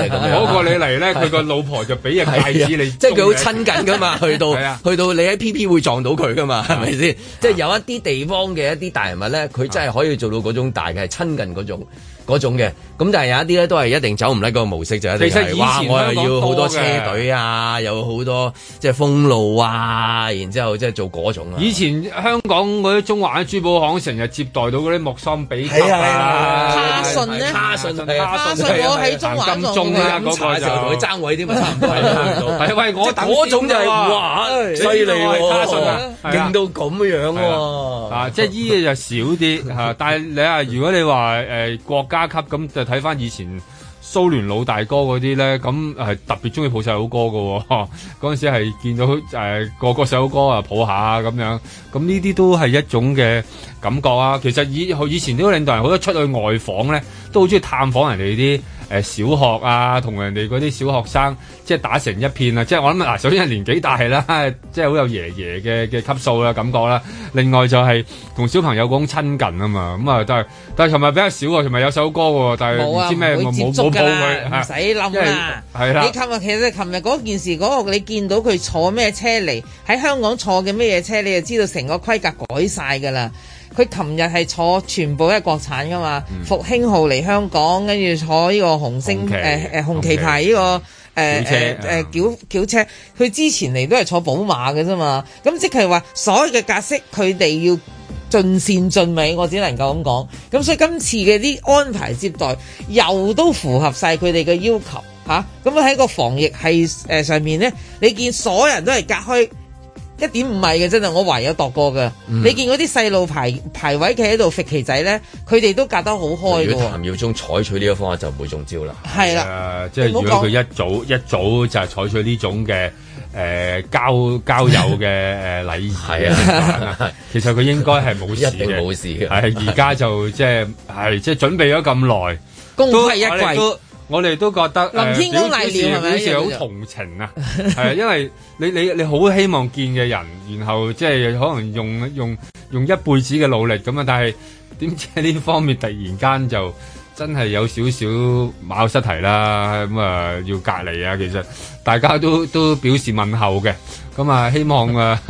係咁攞過你嚟咧，佢個老婆就俾個戒指你，即係佢好親近噶嘛。去到去到你喺 PP 會撞到佢噶嘛，係咪先？即係有一啲地方嘅一啲大人物咧，佢真係可以做到嗰種大嘅親近嗰種。嗰種嘅，咁但係有一啲咧都係一定走唔甩嗰個模式就係，其實以前哇！我係要好多車隊啊，有好多即係封路啊，然之後即係做嗰種啊。以前香港嗰啲中華啲珠寶行成日接待到嗰啲莫桑比克啊，卡順咧，卡順，卡順，我喺中華金融嗰個就同佢爭位啲嘛，係啊！喂，我嗰種就係哇，犀利喎，勁到咁樣喎。啊，即係依嘢就少啲嚇，但係你話如果你話誒國家。加級咁就睇翻以前蘇聯老大哥嗰啲咧，咁係特別中意抱細佬哥嘅、哦。嗰 陣時係見到誒、呃、個個細佬哥啊抱下咁樣，咁呢啲都係一種嘅感覺啊。其實以以前呢個領導人好多出去外訪咧，都好中意探訪人哋啲。誒、呃、小學啊，同人哋嗰啲小學生即係打成一片啊！即係我諗啊，首先係年紀大啦，即係好有爺爺嘅嘅級數嘅、啊、感覺啦。另外就係、是、同小朋友講親近啊嘛，咁啊都係。但係琴日比較少喎、啊，琴日有首歌喎、啊，但係唔、啊、知咩冇冇佢唔使諗啦，係啦。你琴日其實係琴日嗰件事嗰、那個，你見到佢坐咩車嚟喺香港坐嘅咩嘢車，你就知道成個規格改晒㗎啦。佢琴日係坐全部都係國產噶嘛，嗯、復興號嚟香港，跟住坐呢個紅星誒誒 <Okay, S 1>、呃、紅旗牌呢、呢個誒誒誒轎轎車。佢之前嚟都係坐寶馬嘅啫嘛，咁即係話所有嘅格式佢哋要盡善盡美，我只能夠咁講。咁所以今次嘅啲安排接待又都符合晒佢哋嘅要求嚇。咁啊喺個防疫係誒、呃、上面咧，你見所有人都係隔開，一點五米嘅，真係我懷疑有度過嘅。你見嗰啲細路排排位企喺度揈旗仔咧，佢哋都隔得好開。如果譚耀忠採取呢個方法，就唔會中招啦。係啦，即係如果佢一早一早就係採取呢種嘅誒交交友嘅誒禮儀，其實佢應該係冇事嘅，冇事嘅。而家就即係係即係準備咗咁耐，功虧一簣。我哋都覺得，呃、林天表示表示好同情啊，係啊 ，因為你你你好希望見嘅人，然後即係可能用用用一輩子嘅努力咁啊，但係點知喺呢方面突然間就真係有少少馬失蹄啦，咁、嗯、啊、呃、要隔離啊，其實大家都都表示問候嘅。咁啊、嗯，希望啊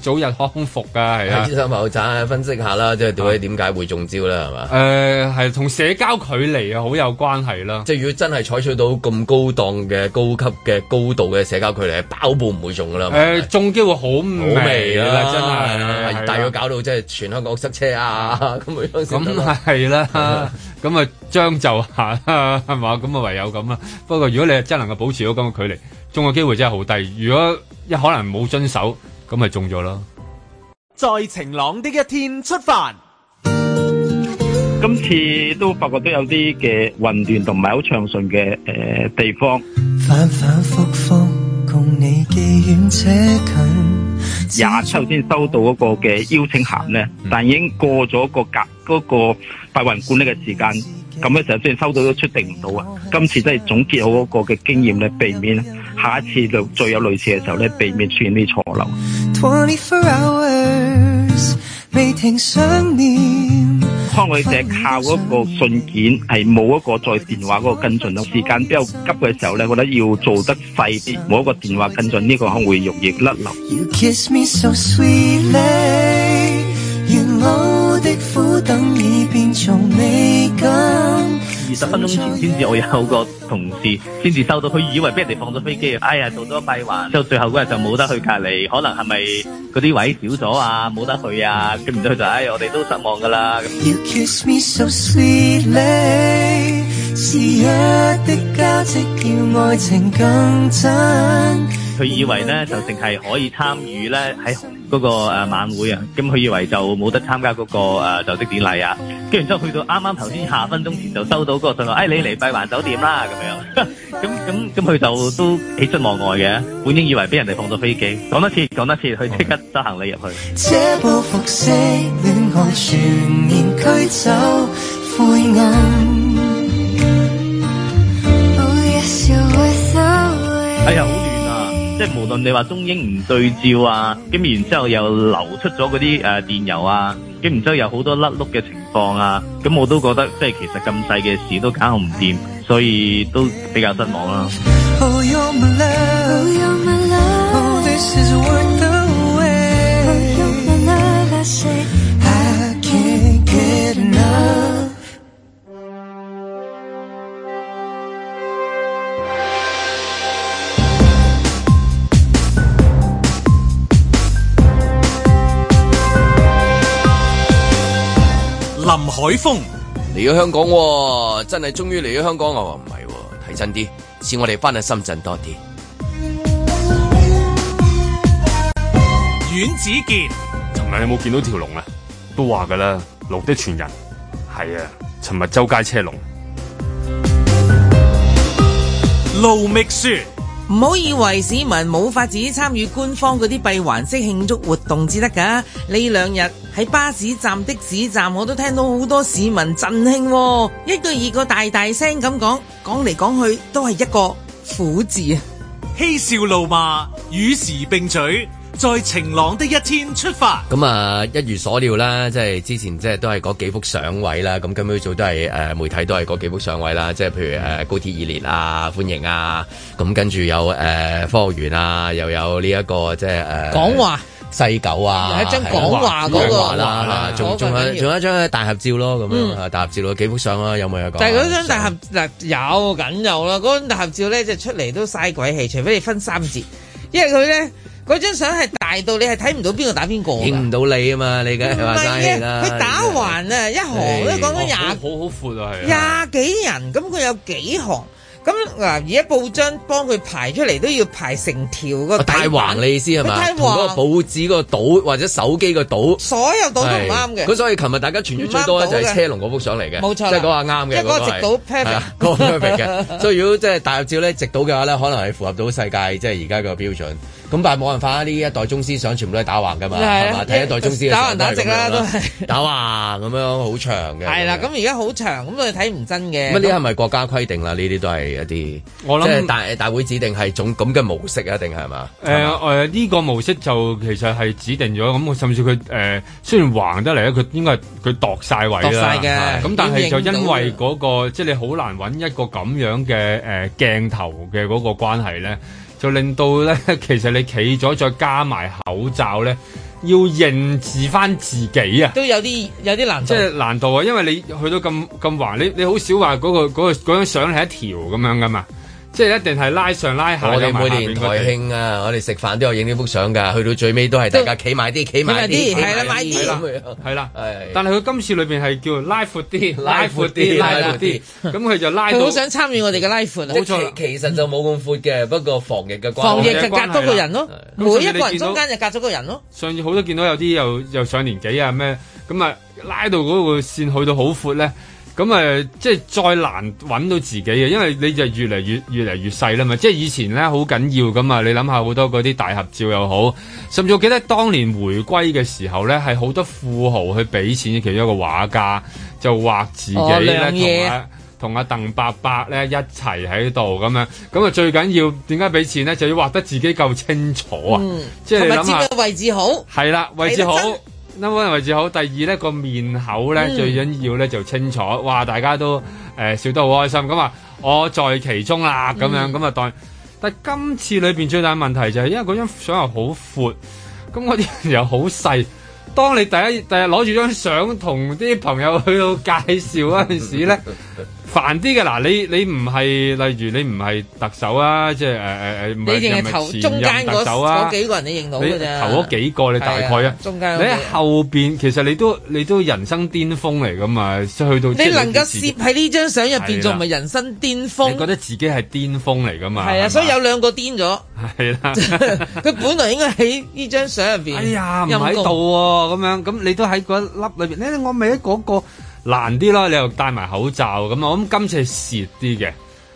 早日康復啊，係啊！先生，老闆分析下啦，即係到底點解會中招啦、啊，係嘛？誒、嗯，係同、啊、社交距離啊，好有關係啦、啊。即係如果真係採取到咁高檔嘅高級嘅高度嘅社交距離，包保唔會中噶啦、啊。誒、嗯，嗯、中機會好微啊，啊，真係、啊啊啊啊，大到搞到即係全香港塞車啊！咁樣咁係啦，咁啊將就下係嘛？咁、嗯、啊、嗯、<笑><笑><笑><笑><笑><笑><笑>唯有咁啦。不過如果你真係能夠保持到咁嘅距離。中嘅機會真係好低，如果一可能冇遵守，咁咪中咗咯。在晴朗的一天出發，今次都發覺都有啲嘅混亂同唔係好暢順嘅誒地方。反反覆覆，共你寄遠且近。廿七號先收到嗰個嘅邀請函咧，但已經過咗個隔嗰、嗰個發運館嘅時間。咁嘅時候先收到都出定唔到啊！今次真係總結好嗰個嘅經驗咧，避免下一次就最有類似嘅時候咧，避免出現啲錯漏。當我哋係靠嗰個信件，係冇一個再電話嗰個跟進啦。時間比較急嘅時候咧，覺得要做得細啲，冇一個電話跟進呢、呢個可能會容易甩漏。等已變從未二十分鐘前先至，我有個同事先至收到，佢以為俾人哋放咗飛機，哎呀，做咗閉環，到最後嗰日就冇得去隔離，可能係咪嗰啲位少咗啊？冇得去啊！跟唔到佢，就哎呀，我哋都失望噶啦。You kiss me so sweetly，時日的交織讓愛情更真。佢以為咧就淨係可以參與咧嗰、那個、啊、晚會啊，咁、嗯、佢以為就冇得參加嗰、那個就職、啊、典禮啊，跟住之後去到啱啱頭先下分鐘前就收到個信話，哎你嚟閉環酒店啦咁樣，咁咁咁佢就都喜出望外嘅、啊，本應以為俾人哋放咗飛機，講多次講多次，佢即刻執行李入去。這部服飾戀愛全面驅走晦暗哎呀！即係無論你話中英唔對照啊，咁然之後又流出咗嗰啲誒電郵啊，咁然之後有好多甩碌嘅情況啊，咁我都覺得即係其實咁細嘅事都搞唔掂，所以都比較失望啦。Oh, 林海峰嚟咗香港、哦，真係終於嚟咗香港啊、哦！唔係、哦，睇真啲，似我哋翻去深圳多啲。阮子健，尋日你冇見到條龍啊？都話噶啦，龍的傳人，係啊，尋日周街車龍。盧覓雪，唔好以為市民冇法子參與官方嗰啲閉環式慶祝活動，至得噶呢兩日。喺巴士站、的士站，我都聽到好多市民振興、啊，一個二個大大聲咁講，講嚟講去都係一個苦字啊！嬉笑怒罵，與時並取，在晴朗的一天出發。咁、嗯、啊，一如所料啦，即係之前即係都係嗰幾幅相位啦，咁今日一早都係誒媒體都係嗰幾幅相位啦，即係譬如誒高鐵二烈啊，歡迎啊，咁跟住有誒科學園啊，又有呢、這、一個即係誒講話。細狗啊，一張講話嗰個啦，仲仲有仲有一張大合照咯，咁樣，大合照咯，幾幅相啊，有冇有啊？但係嗰張大合嗱，有梗有啦，嗰張大合照咧就出嚟都嘥鬼氣，除非你分三節，因為佢咧嗰張相係大到你係睇唔到邊個打邊個，認唔到你啊嘛，你嘅係佢打橫啊一行都講緊廿，好好闊啊，係廿幾人，咁佢有幾行？咁嗱，而家報章幫佢排出嚟都要排成條、嗰個大橫，大橫，你意思係咪？同嗰個報紙個倒或者手機個倒，所有倒都唔啱嘅。咁所以琴日大家傳咗最多咧就係車龍嗰幅相嚟嘅，冇錯，即係講下啱嘅。一個直、啊嗰個 perfect 嘅。所以如果即係大合照咧，直倒嘅話咧，可能係符合到世界即係而家個標準。咁但係冇辦法，呢一代宗師想全部都係打橫噶嘛，係嘛，睇一代宗師打橫打直啦，都係打橫咁樣好長嘅。係啦，咁而家好長，咁都係睇唔真嘅。咁呢係咪國家規定啦？呢啲都係一啲，我諗即係大大會指定係種咁嘅模式啊？定係嘛？誒誒，呢個模式就其實係指定咗咁，甚至佢誒雖然橫得嚟咧，佢應該係佢度曬位啦。墮曬嘅，咁但係就因為嗰個即係你好難揾一個咁樣嘅誒鏡頭嘅嗰個關係咧。就令到咧，其實你企咗再加埋口罩咧，要認字翻自己啊，都有啲有啲難。即係難度啊，因為你去到咁咁橫，你你好少話嗰個嗰個嗰張相係一條咁樣噶嘛。即係一定係拉上拉下。我哋每年台慶啊，我哋食飯都有影呢幅相㗎。去到最尾都係大家企埋啲，企埋啲，係啦，企埋啲。係啦，係。但係佢今次裏邊係叫拉闊啲，拉闊啲，拉闊啲。咁佢就拉到。佢好想參與我哋嘅拉闊啊！冇錯，其實就冇咁闊嘅，不過防疫嘅關係。防疫就隔多個人咯。每一個人中間就隔咗個人咯。上次好多見到有啲又又上年紀啊咩咁啊，拉到嗰個線去到好闊咧。咁誒、嗯，即係再難揾到自己嘅，因為你就越嚟越越嚟越細啦嘛。即係以前咧好緊要㗎嘛，你諗下好多嗰啲大合照又好，甚至我記得當年回歸嘅時候咧，係好多富豪去俾錢其中一個畫家，就畫自己咧、哦啊啊，同阿、啊、同阿、啊、鄧伯伯咧一齊喺度咁樣。咁啊最緊要點解俾錢咧？就要畫得自己夠清楚啊！嗯、即係你諗下位置好，係啦，位置好。位置好，第二咧，個面口咧最緊要咧就清楚，哇、嗯！大家都誒笑得好開心，咁話我在其中啦，咁、嗯、樣咁啊當。但今次裏邊最大問題就係因為嗰張相又好闊，咁嗰啲又好細。當你第一第日攞住張相同啲朋友去到介紹嗰陣時咧。煩啲嘅嗱，你你唔係例如你唔係特首啊，即係誒誒誒，你淨係頭中間嗰嗰幾個人你認到嘅啫，頭嗰幾個你大概啊，中間嗰啲後邊其實你都你都人生巔峰嚟噶嘛，去到你能夠攝喺呢張相入邊，仲唔係人生巔峰？你覺得自己係巔峰嚟噶嘛？係啊，所以有兩個癲咗，係啦，佢本來應該喺呢張相入邊，哎呀唔喺度喎，咁樣咁你都喺嗰粒裏邊，咧我未喺講過。難啲囉，你又戴埋口罩，咁我諗今次係蝕啲嘅，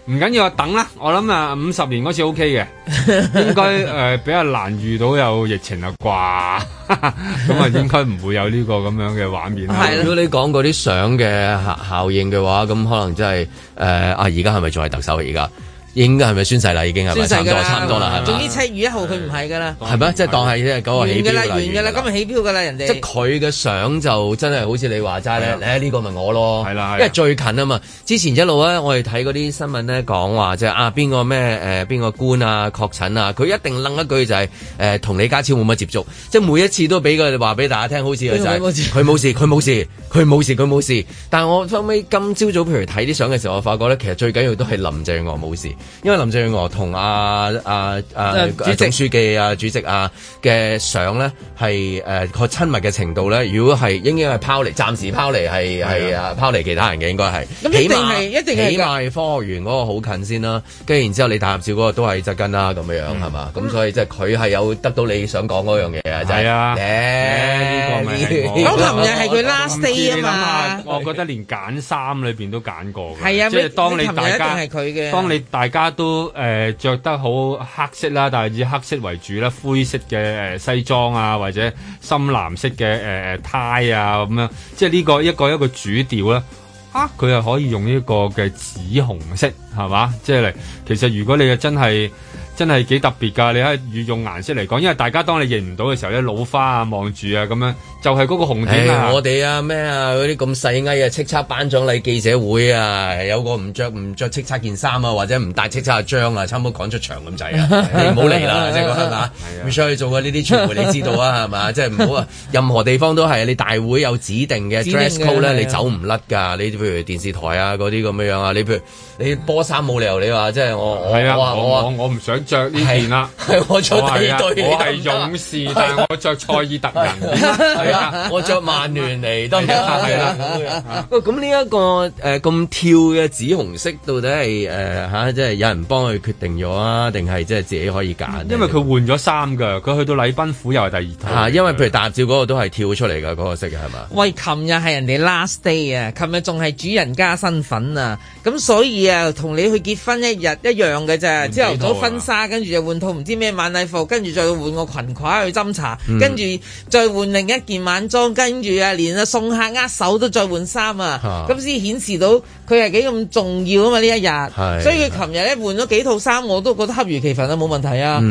唔緊要啊，等啦，我諗啊五十年嗰次 OK 嘅，應該誒、呃、比較難遇到有疫情喇啩，咁 啊應該唔會有呢、這個咁樣嘅畫面啦 。如果你講嗰啲相嘅效效應嘅話，咁可能真係誒啊而家係咪仲係特首而家？應該係咪宣誓啦？已經係咪差唔多？差唔多啦，係嘛、嗯？總之七月一號佢唔係噶啦，係咪？即係當係九係起標嚟源嘅啦，完嘅啦，今日起標噶啦人哋。即係佢嘅相就真係好似你話齋咧，呢、哎、個咪我咯，哎、因為最近啊嘛，之前一路咧，我哋睇嗰啲新聞咧講話即係啊邊個咩誒邊個官啊確診啊，佢一定擸一句就係誒同李家超冇乜接觸，即係每一次都俾佢話俾大家聽，好似佢冇事，佢冇事，佢冇事，佢冇事，事，事，事。但係我後屘今朝早，譬如睇啲相嘅時候，我發覺咧，其實最緊要都係林鄭娥冇事。因為林鄭月娥同阿阿阿總書記啊、主席啊嘅相咧，係誒個親密嘅程度咧，如果係應該係拋離，暫時拋離係係啊拋離其他人嘅，應該係。咁一定係一定係。啟大科學園嗰個好近先啦，跟住然之後你大合照嗰個都係側根啦，咁樣樣係嘛？咁所以即係佢係有得到你想講嗰樣嘢。啊？就係啊，誒，我琴日係佢 last day 啊嘛，我覺得連揀衫裏邊都揀過係啊，即係當你大家，當你大。家都誒、呃、着得好黑色啦，但係以黑色為主啦，灰色嘅誒西裝啊，或者深藍色嘅誒誒 tie 啊咁樣，即係呢個一個一個主調啦。嚇、啊，佢係可以用呢個嘅紫紅色係嘛，即係嚟。其實如果你係真係。真係幾特別㗎！你係用顏色嚟講，因為大家當你認唔到嘅時候咧，老花啊、望住啊咁樣，就係、是、嗰個紅點、哎、我哋啊咩啊嗰啲咁細埃啊，叱咤頒獎禮記者會啊，有個唔着唔著叱咤件衫啊，或者唔戴叱咤章啊，差唔多趕出場咁滯啊！你唔好嚟啦，即係嘛？唔、啊、需要做過呢啲傳媒，你知道啊，係嘛 ？即係唔好啊，任何地方都係，你大會有指定嘅 dress code 咧，你走唔甩㗎。你譬如電視台啊，嗰啲咁樣啊，你譬如。你波衫冇理由你話即係我係啊，我我唔想着呢件啦，係我着呢對，我係勇士，但係我着蔡爾特人。係啊，我着曼聯嚟都係啦，咁咁呢一個誒，咁跳嘅紫紅色到底係誒吓，即係有人幫佢決定咗啊，定係即係自己可以揀？因為佢換咗衫噶，佢去到禮賓府又係第二套啊。因為譬如大照嗰個都係跳出嚟噶嗰個色嘅係嘛？喂，琴日係人哋 last day 啊，琴日仲係主人家身份啊，咁所以。同你去結婚一日一樣嘅，咋，朝頭早婚紗，跟住，就換套唔知咩晚禮服，跟住再換個裙褂去斟茶，嗯、跟住再換另一件晚裝，跟住啊，連啊送客握手都再換衫啊，咁先顯示到。佢係幾咁重要啊嘛？呢一日，所以佢琴日咧換咗幾套衫，我都覺得恰如其分啊，冇問題啊。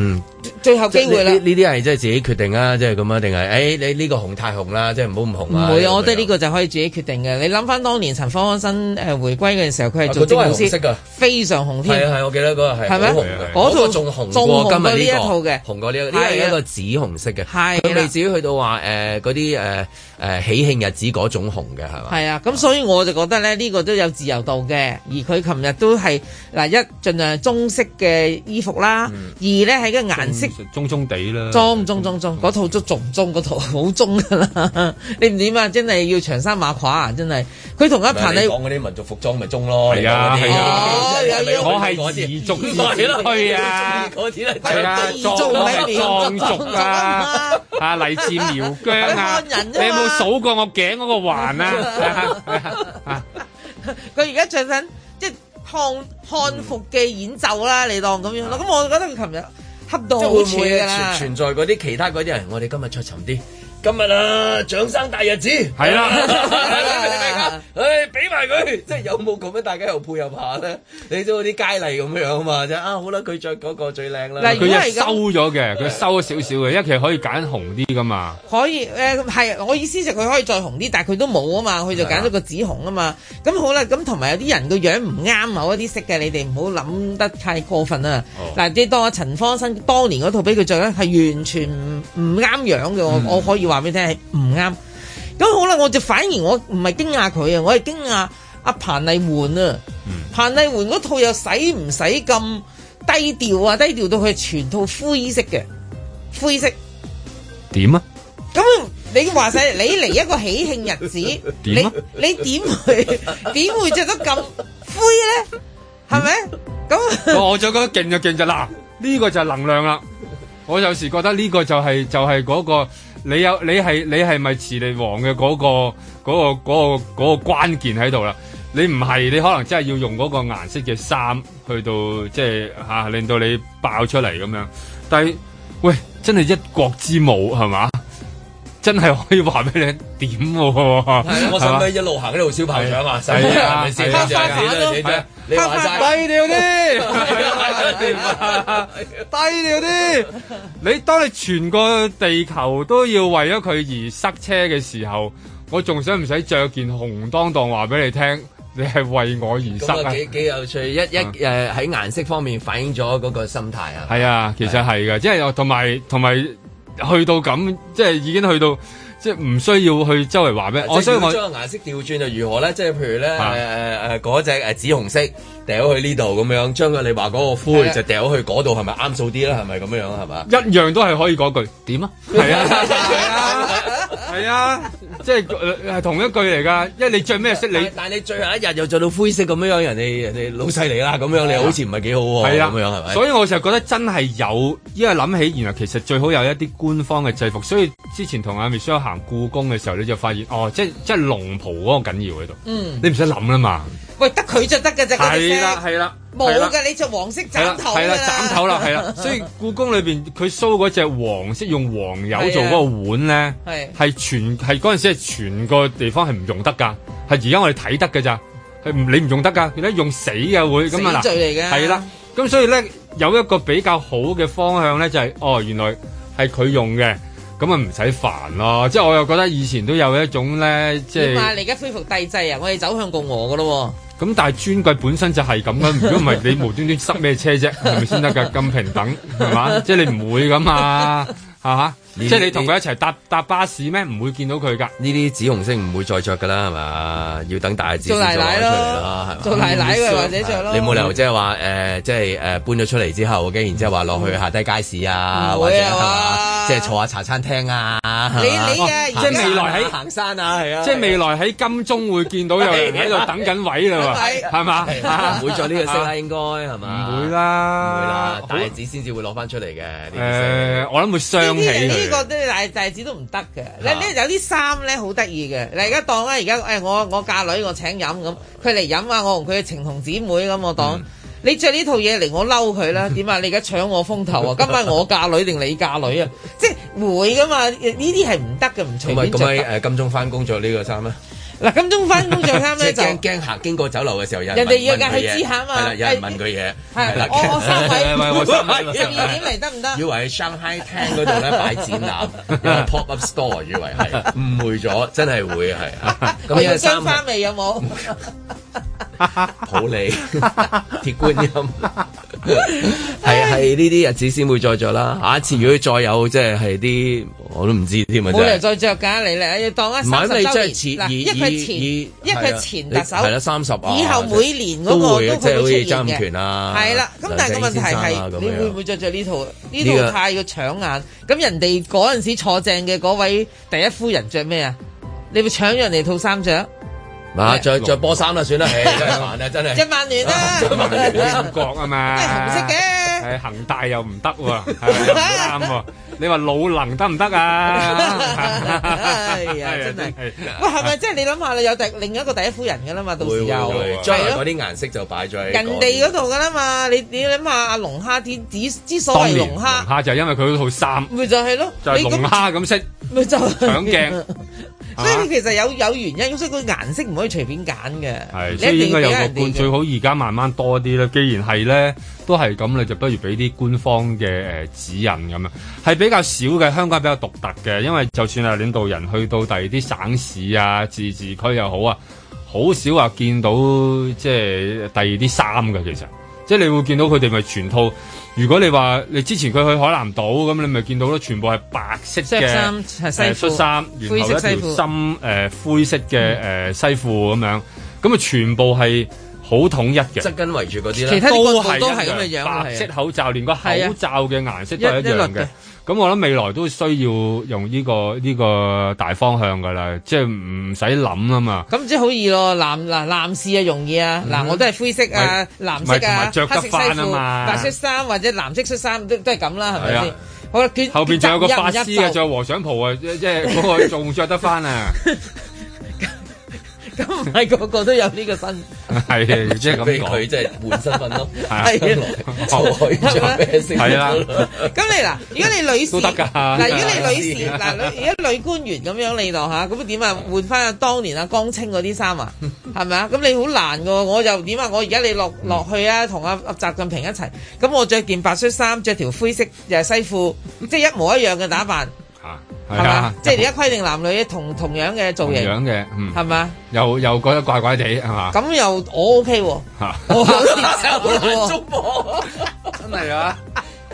最後機會啦。呢啲係真係自己決定啊，即係咁樣，定係誒你呢個紅太紅啦，即係唔好唔紅啊。唔會，我覺得呢個就可以自己決定嘅。你諗翻當年陳方安生誒迴歸嘅時候，佢著嗰套紅色嘅，非常紅。係啊係，我記得嗰個係好紅嘅，嗰套仲紅過今日呢一套嘅，紅過呢個呢一個紫紅色嘅，係未至於去到話誒嗰啲誒誒喜慶日子嗰種紅嘅係嘛？係啊，咁所以我就覺得咧呢個都有自由度嘅，而佢琴日都係嗱一，盡量係中式嘅衣服啦。二咧係一個顏色，棕棕哋啦，棕棕棕棕，嗰套都仲棕，嗰套好棕噶啦。你唔點啊？真係要長衫馬褂啊！真係。佢同一排你講嗰啲民族服裝咪棕咯，係啊係啊。我係彝族地區啊，係啊，藏族啊，啊，來自苗疆啊。你有冇數過我頸嗰個環啊？佢而家着緊即係漢漢服嘅演奏啦，你當咁樣咯。咁、嗯、我覺得佢琴日恰到唔會，會存，存在嗰啲其他嗰啲人，我哋今日出沉啲。今日啊，掌生大日子，係啦，唉，俾埋佢，即係有冇咁樣，大家又配合下咧？你都啲佳麗咁樣嘛啫。啊，好啦，佢着嗰個最靚啦。佢又收咗嘅，佢收咗少少嘅，一其實可以揀紅啲噶嘛。可以，誒、呃，係，我意思就佢可以再紅啲，但係佢都冇啊嘛，佢就揀咗個紫紅啊嘛。咁、啊、好啦，咁同埋有啲人個樣唔啱某一啲色嘅，你哋唔好諗得太過分啊。嗱、哦，即當陳芳生當年嗰套俾佢着咧，係完全唔啱樣嘅，我可以話、嗯。話俾你聽係唔啱，咁好啦，我就反而我唔係驚訝佢啊，我係驚訝阿彭麗媛啊，嗯、彭麗媛嗰套又使唔使咁低調啊？低調到佢全套灰色嘅灰色點啊？咁你話晒你嚟一個喜慶日子，點、啊、你點會點會着得咁灰咧？係咪、嗯？咁、哦、我就覺得勁就勁就啦，呢、啊這個就係能量啦。我有時覺得呢個就係、是、就係、是、嗰、那個。你有你係你係咪磁力王嘅嗰個嗰個嗰個嗰個關鍵喺度啦？你唔係，你可能真係要用嗰個顏色嘅衫去到，即係嚇令到你爆出嚟咁樣，但係喂，真係一國之母係嘛？真係可以話俾你點？我想唔想一路行一路燒排腸啊？係啊，係咪先？攀山，你睇，你話齋低調啲，低調啲。你當你全個地球都要為咗佢而塞車嘅時候，我仲想唔使着件紅當當話俾你聽，你係為我而塞。咁啊，幾幾有趣！一一誒，喺顏色方面反映咗嗰個心態啊。係啊，其實係噶，即係同埋同埋。去到咁，即係已經去到，即係唔需要去周圍話咩，我需要將個顏色調轉就如何咧，即係譬如咧，誒誒誒，嗰隻誒紫紅色，掉去呢度咁樣，將佢你話嗰個灰就掉去嗰度，係咪啱數啲啦？係咪咁樣？係嘛？一樣都係可以講句點啊？係 啊，係啊，啊，即係係同一句嚟噶。因為你着咩色你？但係你最後一日又着到灰色咁樣，人哋人哋老細嚟啦，咁樣你好似唔係幾好喎。係啊，咁、啊、樣係咪？啊啊、所以我成日覺得真係有，因為諗起原來其實最好有一啲官方嘅制服。所以之前同阿 Michelle 行故宮嘅時候，你就發現哦，即係即係龍袍嗰個緊要喺度。嗯、你唔使諗啦嘛。得佢就得嘅啫，係啦，係啦，冇噶，你著黃色斬頭啦，斬頭啦，係啦。所以故宮裏邊佢蘇嗰隻黃色用黃油做嗰個碗咧，係，係全係嗰陣時係全個地方係唔用得噶，係而家我哋睇得嘅咋，係唔你唔用得噶，而家用死嘅會，死罪嚟嘅，係啦。咁所以咧有一個比較好嘅方向咧就係哦，原來係佢用嘅，咁啊唔使煩咯。即係我又覺得以前都有一種咧，即係。點啊！你而家恢復帝制啊！我哋走向共和嘅咯。咁但係尊貴本身就係咁嘅，如果唔係你無端端塞咩車啫，係咪先得㗎？咁平等係 嘛？即係你唔會㗎嘛，啊嚇。即係你同佢一齊搭搭巴士咩？唔會見到佢噶。呢啲紫紅色唔會再着噶啦，係嘛？要等大紫先再攞出嚟啦，係嘛？做奶奶咯，你冇理由即係話誒，即係誒搬咗出嚟之後，然之後即係話落去下低街市啊，或者係嘛？即係坐下茶餐廳啊，你你嘅即係未來喺行山啊，係啊。即係未來喺金鐘會見到有人喺度等緊位啦，係嘛？唔會再呢個色啦，應該係嘛？唔會啦，唔會啦，大紫先至會攞翻出嚟嘅。誒，我諗會傷起。個都啊、呢個啲大大子都唔得嘅，你咧有啲衫咧好得意嘅，你而家當咧而家，誒我我嫁女我請飲咁，佢嚟飲啊，我同佢情同姊妹咁我當，嗯、你着呢套嘢嚟我嬲佢啦，點啊？你而家搶我風頭啊？今晚我嫁女定你嫁女啊？即係會㗎嘛？呢啲係唔得嘅，唔隨便著。唔係咁樣誒，金鐘翻工着呢個衫啊！嗱，金鐘翻工做衫咧就驚驚，行經過酒樓嘅時候有人，人哋而家去知下嘛，係問佢嘢。係我三位，唔係我十二點嚟得唔得？以為喺 Shanghai 廳嗰度咧擺展覽，有個 pop up store，以為係誤會咗，真係會係。咁依家三味有冇？好你，鐵觀音。係係呢啲日子先會再着啦，下次如果再有即係係啲，我都唔知添啊！冇人再着噶，你嚟要當一唔你即係前，因為前，前特首係啦三十，以後每年嗰個都會好似曾蔭權啊，係啦。咁但係個問題係，你會唔會着着呢套？呢套太要搶眼。咁人哋嗰陣時坐正嘅嗰位第一夫人着咩啊？你會搶人哋套衫着？嗱，着着、啊、波衫啦，算啦 ，真係，真係、啊，一萬年，啦，唔覺啊嘛，唔識嘅，係恒大又唔得喎，啱 你話老能得唔得啊？哎呀，真係！喂、哎，係咪即係你諗下，你有第另一個第一夫人㗎啦嘛？到時又將嗰啲顏色就擺咗喺人哋嗰度㗎啦嘛？你你諗下，阿龍蝦之之所謂龍，龍蝦就係因為佢嗰套衫咪就係咯，你就龍蝦咁色咪就是、搶鏡。所以其實有有原因，所以佢顏色唔可以隨便揀嘅。係，是是要所以應該有個伴，最好而家慢慢多啲啦。既然係咧。都係咁，你就不如俾啲官方嘅誒、呃、指引咁樣，係比較少嘅，香港比較獨特嘅。因為就算係領導人去到第二啲省市啊、自治區又好啊，好少話見到即係第二啲衫㗎。其實即係你會見到佢哋咪全套。如果你話你之前佢去海南島咁，你咪見到咯，全部係白色嘅恤衫，灰色西褲，深誒灰色嘅誒西褲咁樣，咁啊全部係。好統一嘅，繩圍住嗰啲，其他啲全部都係咁嘅樣，白色口罩，連個口罩嘅顏色都係一樣嘅。咁我諗未來都需要用呢個呢個大方向嘅啦，即係唔使諗啊嘛。咁即係好易咯？男嗱男士啊容易啊，嗱我都係灰色啊、藍色啊，著得翻啊嘛。白色衫或者藍色恤衫都都係咁啦，係咪先？好啦，後邊仲有個法師啊，仲有和尚袍啊，即係嗰個仲着得翻啊。咁唔係個個都有呢個身，係即係咁佢，即係換身份咯。係 啊，就可以着咩色？係啦 。咁 、啊、你嗱，如果你女士，嗱 ，啊、如果你女士，嗱 ，而家女官員咁樣你當吓，咁點啊？換翻阿當年阿、啊、江青嗰啲衫啊？係咪啊？咁你好難噶，我又點啊？我而家你落落去啊，同阿阿習近平一齊，咁我着件白色衫，着條灰色又係、就是、西褲，即、就、係、是、一模一樣嘅打扮。係啊，即係而家規定男女同同樣嘅造型，同樣嘅，嗯，係咪又又覺得怪怪地，係嘛？咁又我 OK 喎，我好啲啊，我做主播，真係啊！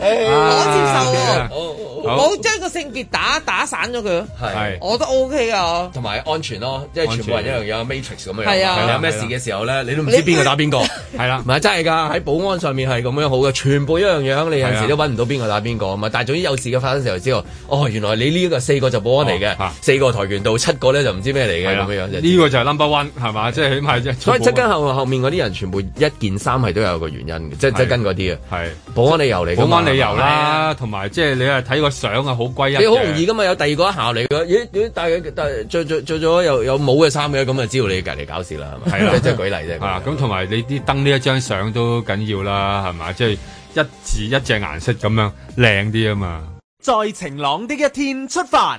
我接受喎，冇將個性別打打散咗佢咯，係，我都 O K 㗎，同埋安全咯，即係全部人一樣嘢。Matrix 咁樣，係啊，有咩事嘅時候咧，你都唔知邊個打邊個，係啦，唔係真係㗎，喺保安上面係咁樣好嘅。全部一樣樣，你有時都揾唔到邊個打邊個，唔係，但係總之有事嘅發生時候知道，哦，原來你呢一個四個就保安嚟嘅，四個跆拳道，七個咧就唔知咩嚟嘅咁樣，呢個就係 number one 係嘛，即係起碼所以側跟後後面嗰啲人全部一件衫係都有個原因嘅，即即跟嗰啲啊，係保安你由嚟，理由啦，同埋即係你係睇個相啊好歸一。你好容易噶嘛，有第二個特效嚟嘅，咦？但係着着着咗有又冇嘅衫嘅，咁就知道你隔籬搞事啦，係咪 、啊？係啦，即係舉例啫。啊，咁同埋你啲燈呢一張相都緊要啦，係、就是、嘛？即係一字一隻顏色咁樣靚啲啊嘛！在晴朗的一天出發。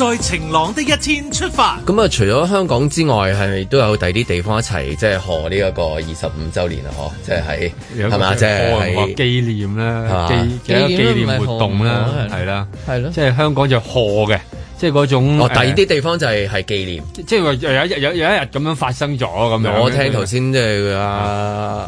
在晴朗的一天出發。咁啊，除咗香港之外，係咪都有第啲地方一齊即係賀呢一個二十五周年啊？嗬，即係喺係嘛，即係紀念啦，係嘛，紀念活動啦，係啦，係咯。即係香港就賀嘅，即係嗰種。第二啲地方就係係紀念，即係有有有一日咁樣發生咗咁樣。我聽頭先即係阿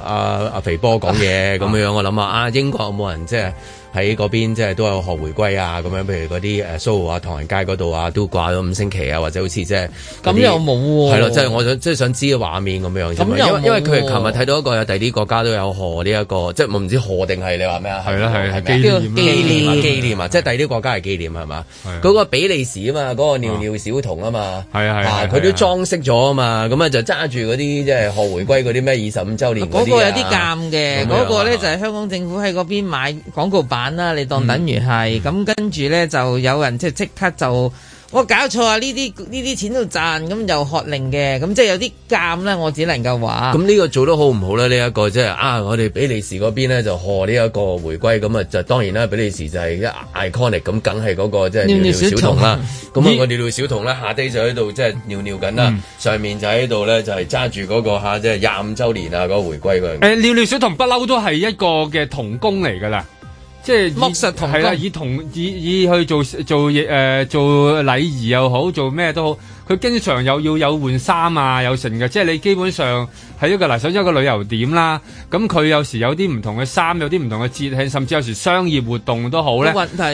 阿阿肥波講嘢咁樣，我諗下啊，英國有冇人即係？喺嗰邊即係都有賀回歸啊，咁樣，譬如嗰啲誒蘇豪啊、唐人街嗰度啊，都掛咗五星旗啊，或者好似即係咁又冇喎。係咯，即係我想即係想知嘅畫面咁樣。因為因為佢琴日睇到一個有第啲國家都有賀呢一個，即係唔知賀定係你話咩啊？係啦係啦係紀念啊紀念紀念啊。即係第啲國家係紀念係嘛。嗰個比利時啊嘛，嗰個尿尿小童啊嘛，係啊係啊，佢都裝飾咗啊嘛，咁啊就揸住嗰啲即係賀回歸嗰啲咩二十五週年嗰個有啲尷嘅，嗰個咧就係香港政府喺嗰邊買廣告板。啦，嗯、你當等於係咁，嗯嗯、跟住咧就有人即係即刻就我搞錯啊！呢啲呢啲錢都賺，咁又學令嘅，咁即係有啲鑒啦。我只能夠話咁呢個做得好唔好咧？呢、這、一個即、就、係、是、啊，我哋比利時嗰邊咧就賀呢一個回歸，咁啊就當然啦，比利時就係一 iconic，咁梗係嗰個即係尿尿小童啦。咁啊，嗰尿尿小童咧下低就喺度即係尿尿緊啦，尿尿嗯、上面就喺度咧就係揸住嗰個吓即係廿五周年啊嗰個回歸嗰。誒、嗯，尿尿小童不嬲都係一個嘅、呃、童工嚟噶啦。嗯嗯嗯即係剝削同，係啦，以同以以去做做誒做、呃、做禮儀又好，做咩都好。佢經常又要有換衫啊，有成嘅，即係你基本上係一個嗱，首先一個旅遊點啦。咁佢有時有啲唔同嘅衫，有啲唔同嘅節慶，甚至有時商業活動都好咧，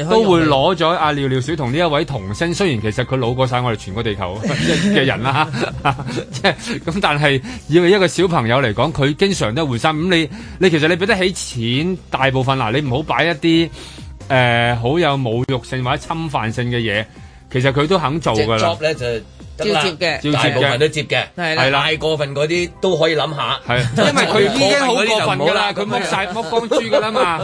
都會攞咗阿尿尿小童呢一位童星。雖然其實佢老過晒我哋全個地球嘅 人啦，即係咁，但係以一個小朋友嚟講，佢經常都換衫。咁你你其實你俾得起錢，大部分嗱，你唔好擺一啲誒、呃、好有侮辱性或者侵犯性嘅嘢。其實佢都肯做㗎啦。照接嘅，照大部分都接嘅，係啦，太過分嗰啲都可以諗下，係，因為佢已經好過分噶啦，佢剝晒剝光豬噶啦嘛，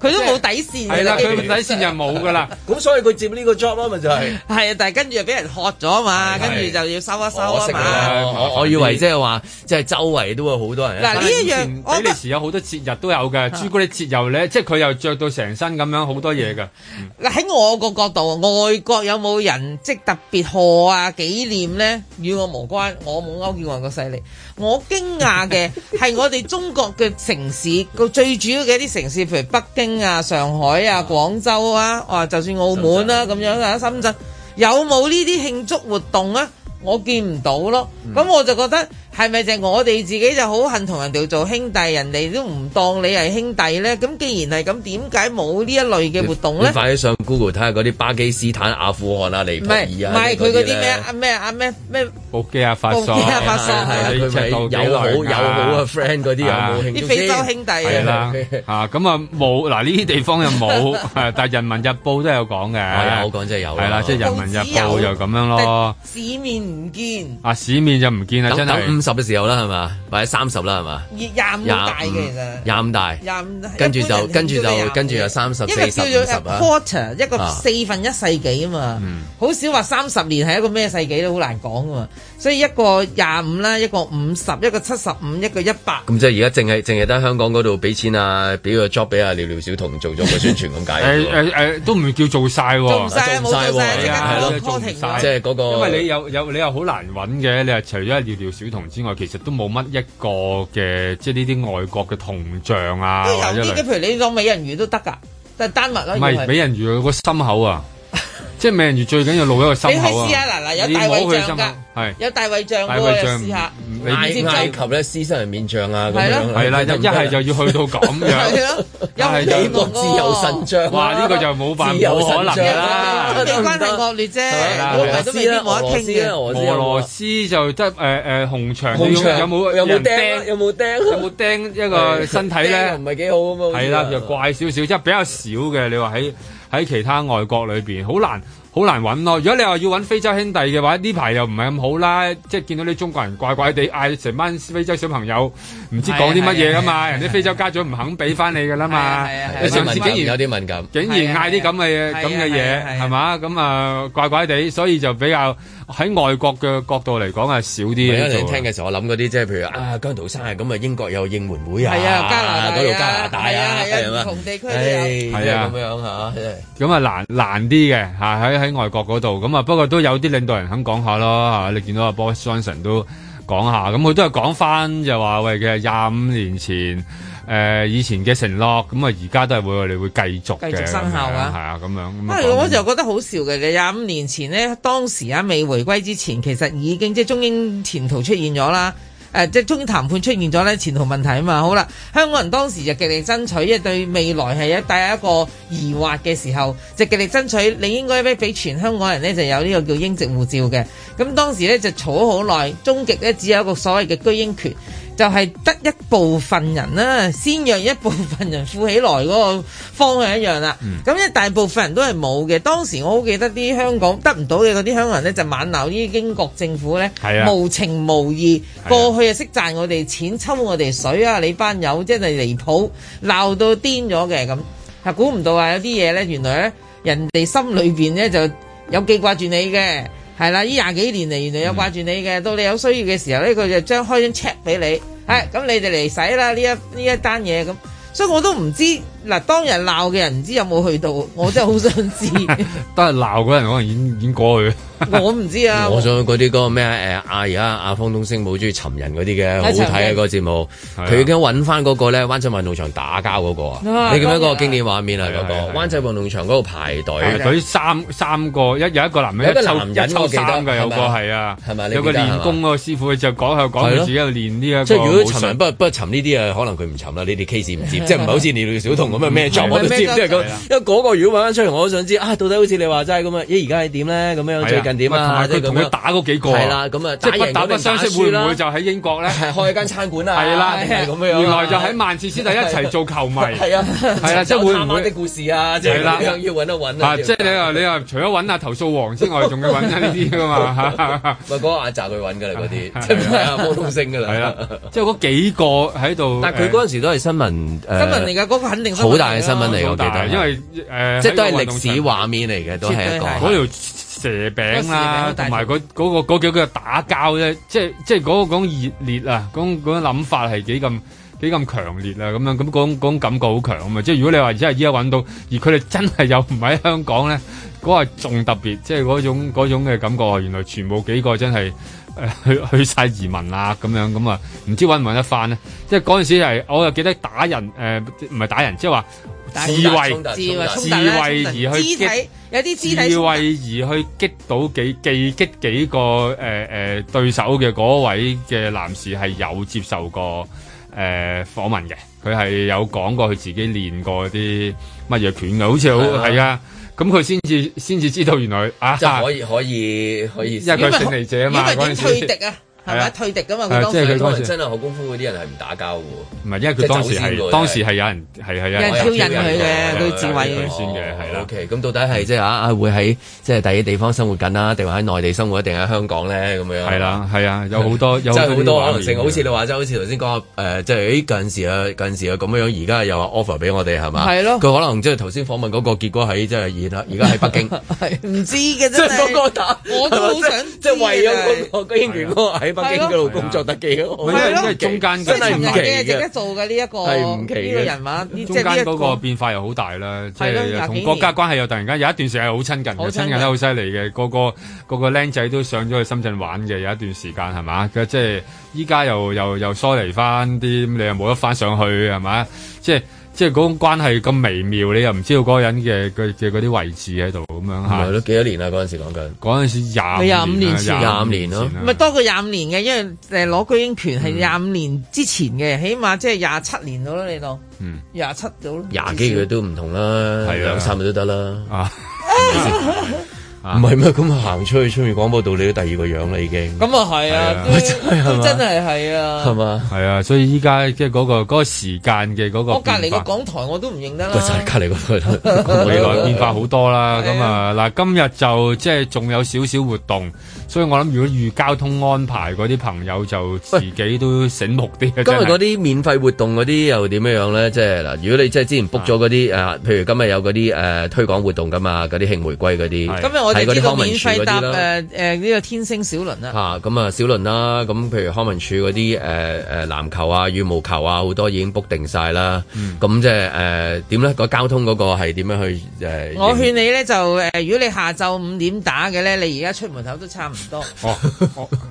佢都冇底線嘅，係啦，佢底線就冇噶啦，咁所以佢接呢個 job 咯，咪就係，係啊，但係跟住就俾人喝咗啊嘛，跟住就要收一收啊嘛，我以為即係話即係周圍都會好多人，嗱呢樣比利時有好多節日都有嘅，朱古力節又咧，即係佢又着到成身咁樣好多嘢嘅，嗱喺我個角度，外國有冇人即特別賀啊？紀念呢，與我無關，我冇勾結外國勢力。我驚訝嘅係我哋中國嘅城市個 最主要嘅一啲城市，譬如北京啊、上海啊、廣州啊，哇！就算澳門啊咁樣啊，深圳有冇呢啲慶祝活動啊？我見唔到咯，咁、嗯、我就覺得。係咪就係我哋自己就好恨同人哋做兄弟，人哋都唔當你係兄弟咧？咁既然係咁，點解冇呢一類嘅活動咧？你快啲上 Google 睇下嗰啲巴基斯坦、阿富汗啊、尼泊爾啊嗰啲咧。唔係唔係，佢嗰啲咩啊咩啊咩咩？布基亞法索布基亞法索，係佢有冇有冇啊 friend 嗰啲有冇？啲非洲兄弟啊！啊咁啊冇嗱呢啲地方又冇，但係《人民日報》都有講嘅。我講真係有。係啦，即係《人民日報》就咁樣咯。市面唔見啊！市面就唔見啊！真係。十嘅時候啦，係嘛？或者三十啦，係嘛？廿五大嘅其實，廿五大，廿五。跟住就跟住就跟住就三十四十啊，quarter 一個四分一世紀啊嘛。好少話三十年係一個咩世紀都好難講噶嘛。所以一個廿五啦，一個五十，一個七十五，一個一百。咁即係而家淨係淨係得香港嗰度俾錢啊，俾個 job 俾阿廖廖小童做咗個宣傳咁解。誒誒誒，都唔叫做晒喎，做曬咯，做曬即係嗰個。因為你有有你又好難揾嘅，你係除咗係廖廖小童之外，其實都冇乜一個嘅，即係呢啲外國嘅銅像啊。都有啲嘅，譬如你講美人魚都得噶，但係丹麥啦。唔係美人魚個心口啊，即係美人魚最緊要露一個心口啊。你摸佢心口，係有大胃醬，試下。你先追求咧私生人面像啊，係咯，係啦，一係就要去到咁樣，一係美國自由神像，哇，呢個就冇辦法冇可能啦，啲關係惡劣啫，我哋都未必講得聽嘅。俄羅斯就即係誒紅場，有冇有冇釘？有冇釘？有冇釘一個身體咧？唔係幾好啊嘛，係啦，就怪少少，即係比較少嘅。你話喺喺其他外國裏邊，好難。好難揾咯！如果你話要揾非洲兄弟嘅話，呢排又唔係咁好啦。即係見到啲中國人怪怪地嗌成班非洲小朋友，唔知講啲乜嘢㗎嘛？人哋非洲家長唔肯俾翻你㗎啦嘛。上次竟然有啲敏感，竟然嗌啲咁嘅嘢咁嘅嘢係嘛？咁啊怪怪地，所以就比較。喺外國嘅角度嚟講係少啲嘅。你聽嘅時候，我諗嗰啲即係譬如啊，姜濤先生係咁啊，英國有應援會啊，加拿大嗰度加拿大啊，唔同地區有係、哎、啊咁樣嚇、啊。咁啊難難啲嘅嚇喺喺外國嗰度。咁啊不過都有啲領導人肯講下咯嚇、啊。你見到阿 Boris Johnson 都講下。咁佢都係講返就話喂，其實廿五年前。誒、呃、以前嘅承諾，咁啊而家都係會，我哋會繼續生效嘅，係啊，咁樣。但係我我就覺得好笑嘅，嘅廿五年前呢，當時喺未回歸之前，其實已經即係中英前途出現咗啦。誒、呃，即係中英談判出現咗呢前途問題啊嘛。好啦，香港人當時就極力爭取，因為對未來係一帶一個疑惑嘅時候，就極力爭取，你應該咧俾全香港人呢就有呢個叫英籍護照嘅。咁當時呢，就坐好耐，終極呢，只有一個所謂嘅居英權。就係得一部分人啦，先讓一部分人富起來嗰個方向一樣啦。咁、嗯、一大部分人都係冇嘅。當時我好記得啲香港得唔到嘅嗰啲香港人呢，就猛鬧啲英國政府咧，啊、無情無義，啊、過去又識賺我哋錢，抽我哋水啊！你班友真係離譜，鬧到癲咗嘅咁。係估唔到啊！有啲嘢呢，原來咧人哋心裏邊呢，就有記掛住你嘅。係啦，呢廿幾年嚟，原來有掛住你嘅。嗯、到你有需要嘅時候呢，佢就將開張 check 俾你，係咁你哋嚟使啦，呢一呢一單嘢咁，所以我都唔知。嗱，當日鬧嘅人唔知有冇去到，我真係好想知。當日鬧嗰人可能已經已經過去。我唔知啊。我想去嗰啲嗰咩啊？誒而家阿方東昇冇中意尋人嗰啲嘅，好睇啊！個節目。佢已經揾翻嗰個咧，灣仔運動場打交嗰個啊！你見唔見嗰個經典畫面啊？嗰個灣仔運動場嗰個排隊。佢三三個，一有一個男人一抽一抽衫有個係啊，係咪？有個練功嗰個師傅就講又講，佢自己去練呢一個。即係如果尋人不不尋呢啲啊，可能佢唔尋啦。呢啲 case 唔接，即係唔係好似你小童。咁啊咩就我都知，即係嗰，因為嗰個如果揾翻出嚟我都想知啊，到底好似你話齋咁啊，咦而家係點咧？咁樣最近點啊？即係咁樣打嗰幾個，係啦，咁啊，不打不相識，會唔會就喺英國咧？開一間餐館啊？係啦，原來就喺曼徹斯特一齊做球迷，係啊，係啦，即係會唔會？慘啲故事啊！即係要揾一揾即係你話你話，除咗揾下投訴王之外，仲要揾下呢啲噶嘛？咪嗰阿罩去揾㗎啦，嗰啲即係普通性㗎啦。係啊，即係嗰幾個喺度，但佢嗰陣時都係新聞，新聞嚟㗎，嗰個肯定。好大嘅新聞嚟㗎，大我記得，因為誒，呃、即係都係歷史畫面嚟嘅，都係一個嗰條蛇餅啦，同埋嗰嗰個嗰幾、嗰個嗰個、打交啫、嗯，即係即係嗰嗰種熱烈啊，嗰嗰種諗法係幾咁幾咁強烈啦，咁樣咁嗰種感覺好強啊，即係如果你話真係依家揾到，而佢哋真係又唔喺香港咧，嗰個仲特別，即係嗰種嗰種嘅感覺，原來全部幾個真係。誒去去曬移民啦，咁樣咁啊，唔知揾唔揾得翻呢？即係嗰陣時係，我又記得打人誒，唔、呃、係打人，即係話自衛自衛自衛而去擊有啲自衛而去擊到幾技擊幾個誒誒、呃呃、對手嘅嗰位嘅男士係有接受過誒、呃、訪問嘅，佢係有講過佢自己練過啲乜嘢拳嘅，好似好係啊！咁佢先至先至知道原來啊，就可以可以可以，可以因為佢勝利者嘛，因為係啊，退敵噶嘛？當時真係好功夫嗰啲人係唔打交噶喎。唔係，因為佢當時係當時有人係係有人挑引佢嘅，佢自衞嘅。係啦。咁到底係即係啊？會喺即係第一地方生活緊啦，定話喺內地生活，一定喺香港咧？咁樣。係啦，係啊，有好多真係好多可能性，好似你話即係好似頭先講啊即係誒近時啊近時啊咁樣樣，而家又話 offer 俾我哋係嘛？係咯。佢可能即係頭先訪問嗰個結果喺即係而家而家喺北京。唔知嘅啫。即係嗰個打，我都好想即係為咗嗰個軍團喺。北京嘅老、啊、工作得幾好？因為因為中間真係唔期嘅，值得做嘅呢一個呢個人物。中間嗰個變化又好大啦，係啊，同國家關係又突然間有一段時間係好親近嘅，親近得好犀利嘅，個個個僆仔都上咗去深圳玩嘅，有一段時間係嘛？即係依家又又又疏離翻啲，你又冇得翻上去係嘛？即係。就是即係嗰種關係咁微妙，你又唔知道嗰個人嘅嘅嘅啲位置喺度咁樣吓。係咯，幾多年啦？嗰陣時講緊，嗰陣時廿，廿五年前廿五年咯。唔係多過廿五年嘅，因為誒攞、呃、居英權係廿五年之前嘅，嗯、起碼即係廿七年到啦，你到，廿七到廿幾個月都唔同啦，兩、啊、三年都得啦。啊 唔係咩？咁啊行出去出面廣播道，你都第二個樣啦已經。咁啊係啊，<S <S indeed, 就是、真係係啊，係嘛？係啊、嗯，所以依家即係嗰個嗰、嗰個時間嘅嗰個我，我，我隔離嘅港台我都唔認得啦。就係隔離嗰度，未來變化好多啦。咁啊嗱，今日就即係仲有少少活動，所以我諗如果遇交通安排嗰啲朋友就自己都醒目啲。今日嗰啲免費活動嗰啲又點樣咧？即係嗱，如果你即係之前 book 咗嗰啲誒，譬、啊、如今日有嗰啲誒推廣活動㗎嘛，嗰啲慶回歸嗰啲。今日我。睇呢啲免費搭，嗰啲呢個天星小輪啊。嚇、啊，咁啊小輪啦、啊，咁譬如康文署嗰啲誒誒籃球啊、羽毛球啊，好多已經 book 定晒啦。咁即係誒點咧？個、就是呃、交通嗰個係點樣去誒？呃、我勸你咧就誒、呃，如果你下晝五點打嘅咧，你而家出門口都差唔多。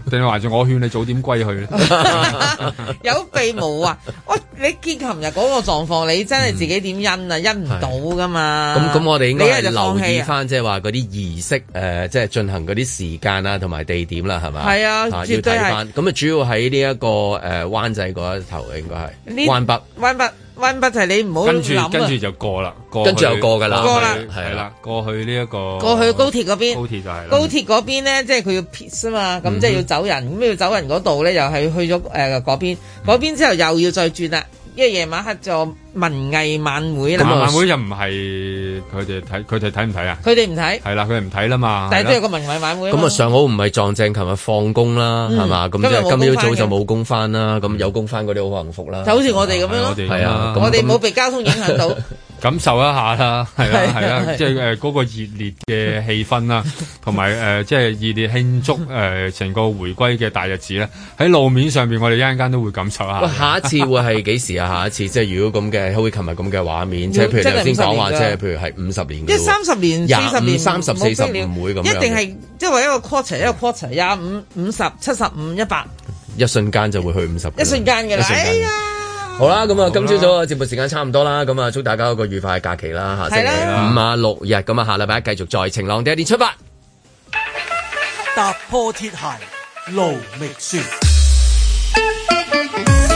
定定 話住我勸你早點歸去咧？有備無患啊？我你見琴日嗰個狀況，你真係自己點因啊？嗯、因唔到噶嘛？咁咁，我哋應該留意翻，即係話啲儀誒，即係進行嗰啲時間啦，同埋地點啦，係咪？係啊，要睇翻咁啊，主要喺呢一個誒灣仔嗰一頭，應該係灣北、灣北、灣北，就係你唔好跟住跟住就過啦，跟住就過噶啦，過啦係啦，過去呢一個過去高鐵嗰邊，高鐵就係高鐵嗰邊咧，即係佢要撇啊嘛，咁即係要走人，咁要走人嗰度咧，又係去咗誒嗰邊，嗰邊之後又要再轉啦。因為夜晚黑就文藝晚會啦嘛，文藝晚會又唔係佢哋睇，佢哋睇唔睇啊？佢哋唔睇，係啦，佢哋唔睇啦嘛。但係即係個文藝晚會。咁、嗯、啊，上好唔係撞正琴日放工啦，係嘛？咁即係今日一早就冇工翻啦，咁有工翻嗰啲好幸福啦。就好似我哋咁樣，係啊，我哋冇被交通影響到。感受一下啦，係啊，係啊，即係誒嗰個熱烈嘅氣氛啦，同埋誒即係熱烈慶祝誒成個回歸嘅大日子啦。喺路面上邊，我哋一陣間都會感受一下。下一次會係幾時啊？下一次即係如果咁嘅，好似琴日咁嘅畫面，即係譬如頭先講話，即係譬如係五十年即係三十年、四十年、三十四十年會咁一定係即係話一個 quarter 一個 quarter 廿五、五十七十五、一百。一瞬間就會去五十。一瞬間嘅啦。好啦，咁啊，今朝早嘅節目時間差唔多啦，咁啊，祝大家有個愉快嘅假期啦，下星期五啊六日，咁啊，下禮拜一，繼續在晴朗的一天出發，踏破鐵鞋路未絕。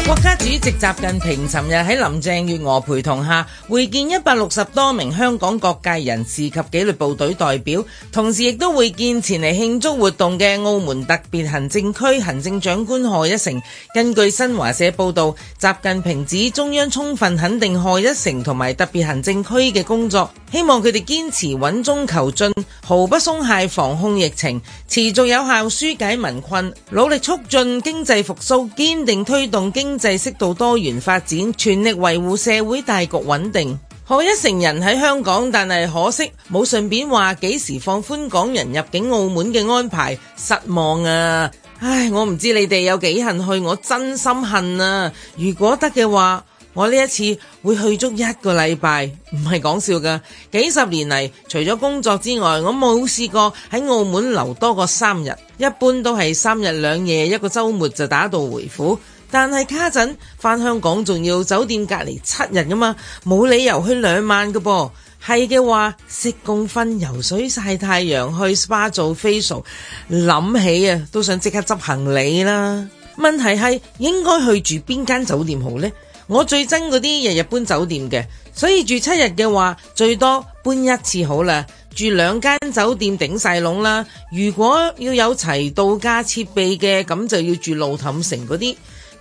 國家主席習近平尋日喺林鄭月娥陪同下會見一百六十多名香港各界人士及紀律部隊代表，同時亦都會見前嚟慶祝活動嘅澳門特別行政區行政長官賀一誠。根據新華社報道，習近平指中央充分肯定賀一誠同埋特別行政區嘅工作，希望佢哋堅持穩中求進，毫不鬆懈防控疫情，持續有效紓解民困，努力促進經濟復蘇，堅定推動經。制適度多元發展，全力維護社會大局穩定。好一成人喺香港，但係可惜冇順便話幾時放寬港人入境澳門嘅安排，失望啊！唉，我唔知你哋有幾恨去，我真心恨啊！如果得嘅話，我呢一次會去足一個禮拜，唔係講笑噶。幾十年嚟，除咗工作之外，我冇試過喺澳門留多過三日，一般都係三日兩夜，一個周末就打道回府。但係家陣返香港仲要酒店隔離七日噶嘛，冇理由去兩晚嘅噃。係嘅話，食公分游水晒太陽，去 spa 做 facial，諗起啊都想即刻執行李啦。問題係應該去住邊間酒店好呢？我最憎嗰啲日日搬酒店嘅，所以住七日嘅話最多搬一次好啦。住兩間酒店頂晒籠啦。如果要有齊度假設備嘅，咁就要住路氹城嗰啲。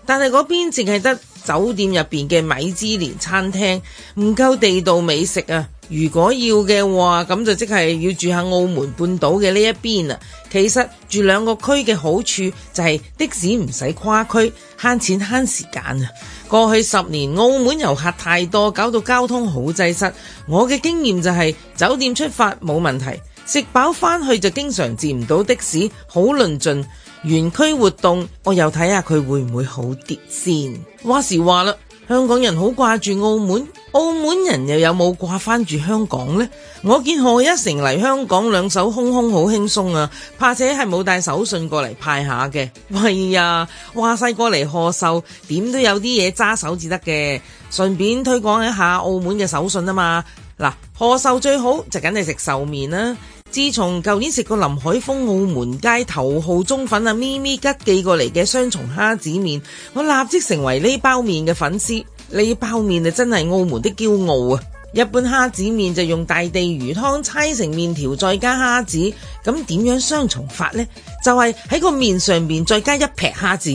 但係嗰邊淨係得酒店入邊嘅米芝蓮餐廳，唔夠地道美食啊！如果要嘅話，咁就即係要住下澳門半島嘅呢一邊啊。其實住兩個區嘅好處就係的士唔使跨區，慳錢慳時間啊！過去十年澳門遊客太多，搞到交通好擠塞。我嘅經驗就係酒店出發冇問題，食飽返去就經常接唔到的士，好論盡。園區活動，我又睇下佢會唔會好啲先。話時話啦，香港人好掛住澳門，澳門人又有冇掛翻住香港呢？我見賀一成嚟香港兩手空空好輕鬆啊，怕且係冇帶手信過嚟派下嘅。喂呀，話晒過嚟賀壽，點都有啲嘢揸手至得嘅，順便推廣一下澳門嘅手信啊嘛。嗱，賀壽最好就梗係食壽麵啦。自從舊年食過林海峰澳門街頭號中粉啊咪咪吉寄過嚟嘅雙重蝦子麵，我立即成為呢包麵嘅粉絲。呢包麵就真係澳門的驕傲啊！一般蝦子麵就用大地魚湯搓成麵條，再加蝦子。咁點樣雙重法呢？就係喺個麵上面再加一撇蝦子。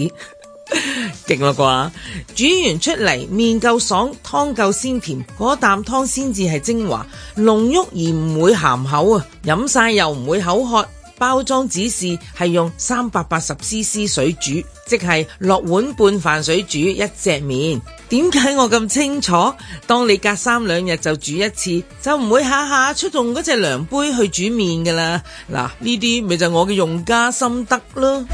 勁啦啩！煮完出嚟麵夠爽，湯夠鮮甜，嗰啖湯先至係精華，濃郁而唔會咸口啊！飲晒又唔會口渴。包裝指示係用三百八十 cc 水煮，即係落碗半飯水煮一隻麵。點解我咁清楚？當你隔三兩日就煮一次，就唔會下下出動嗰隻量杯去煮麵噶啦。嗱，呢啲咪就我嘅用家心得咯。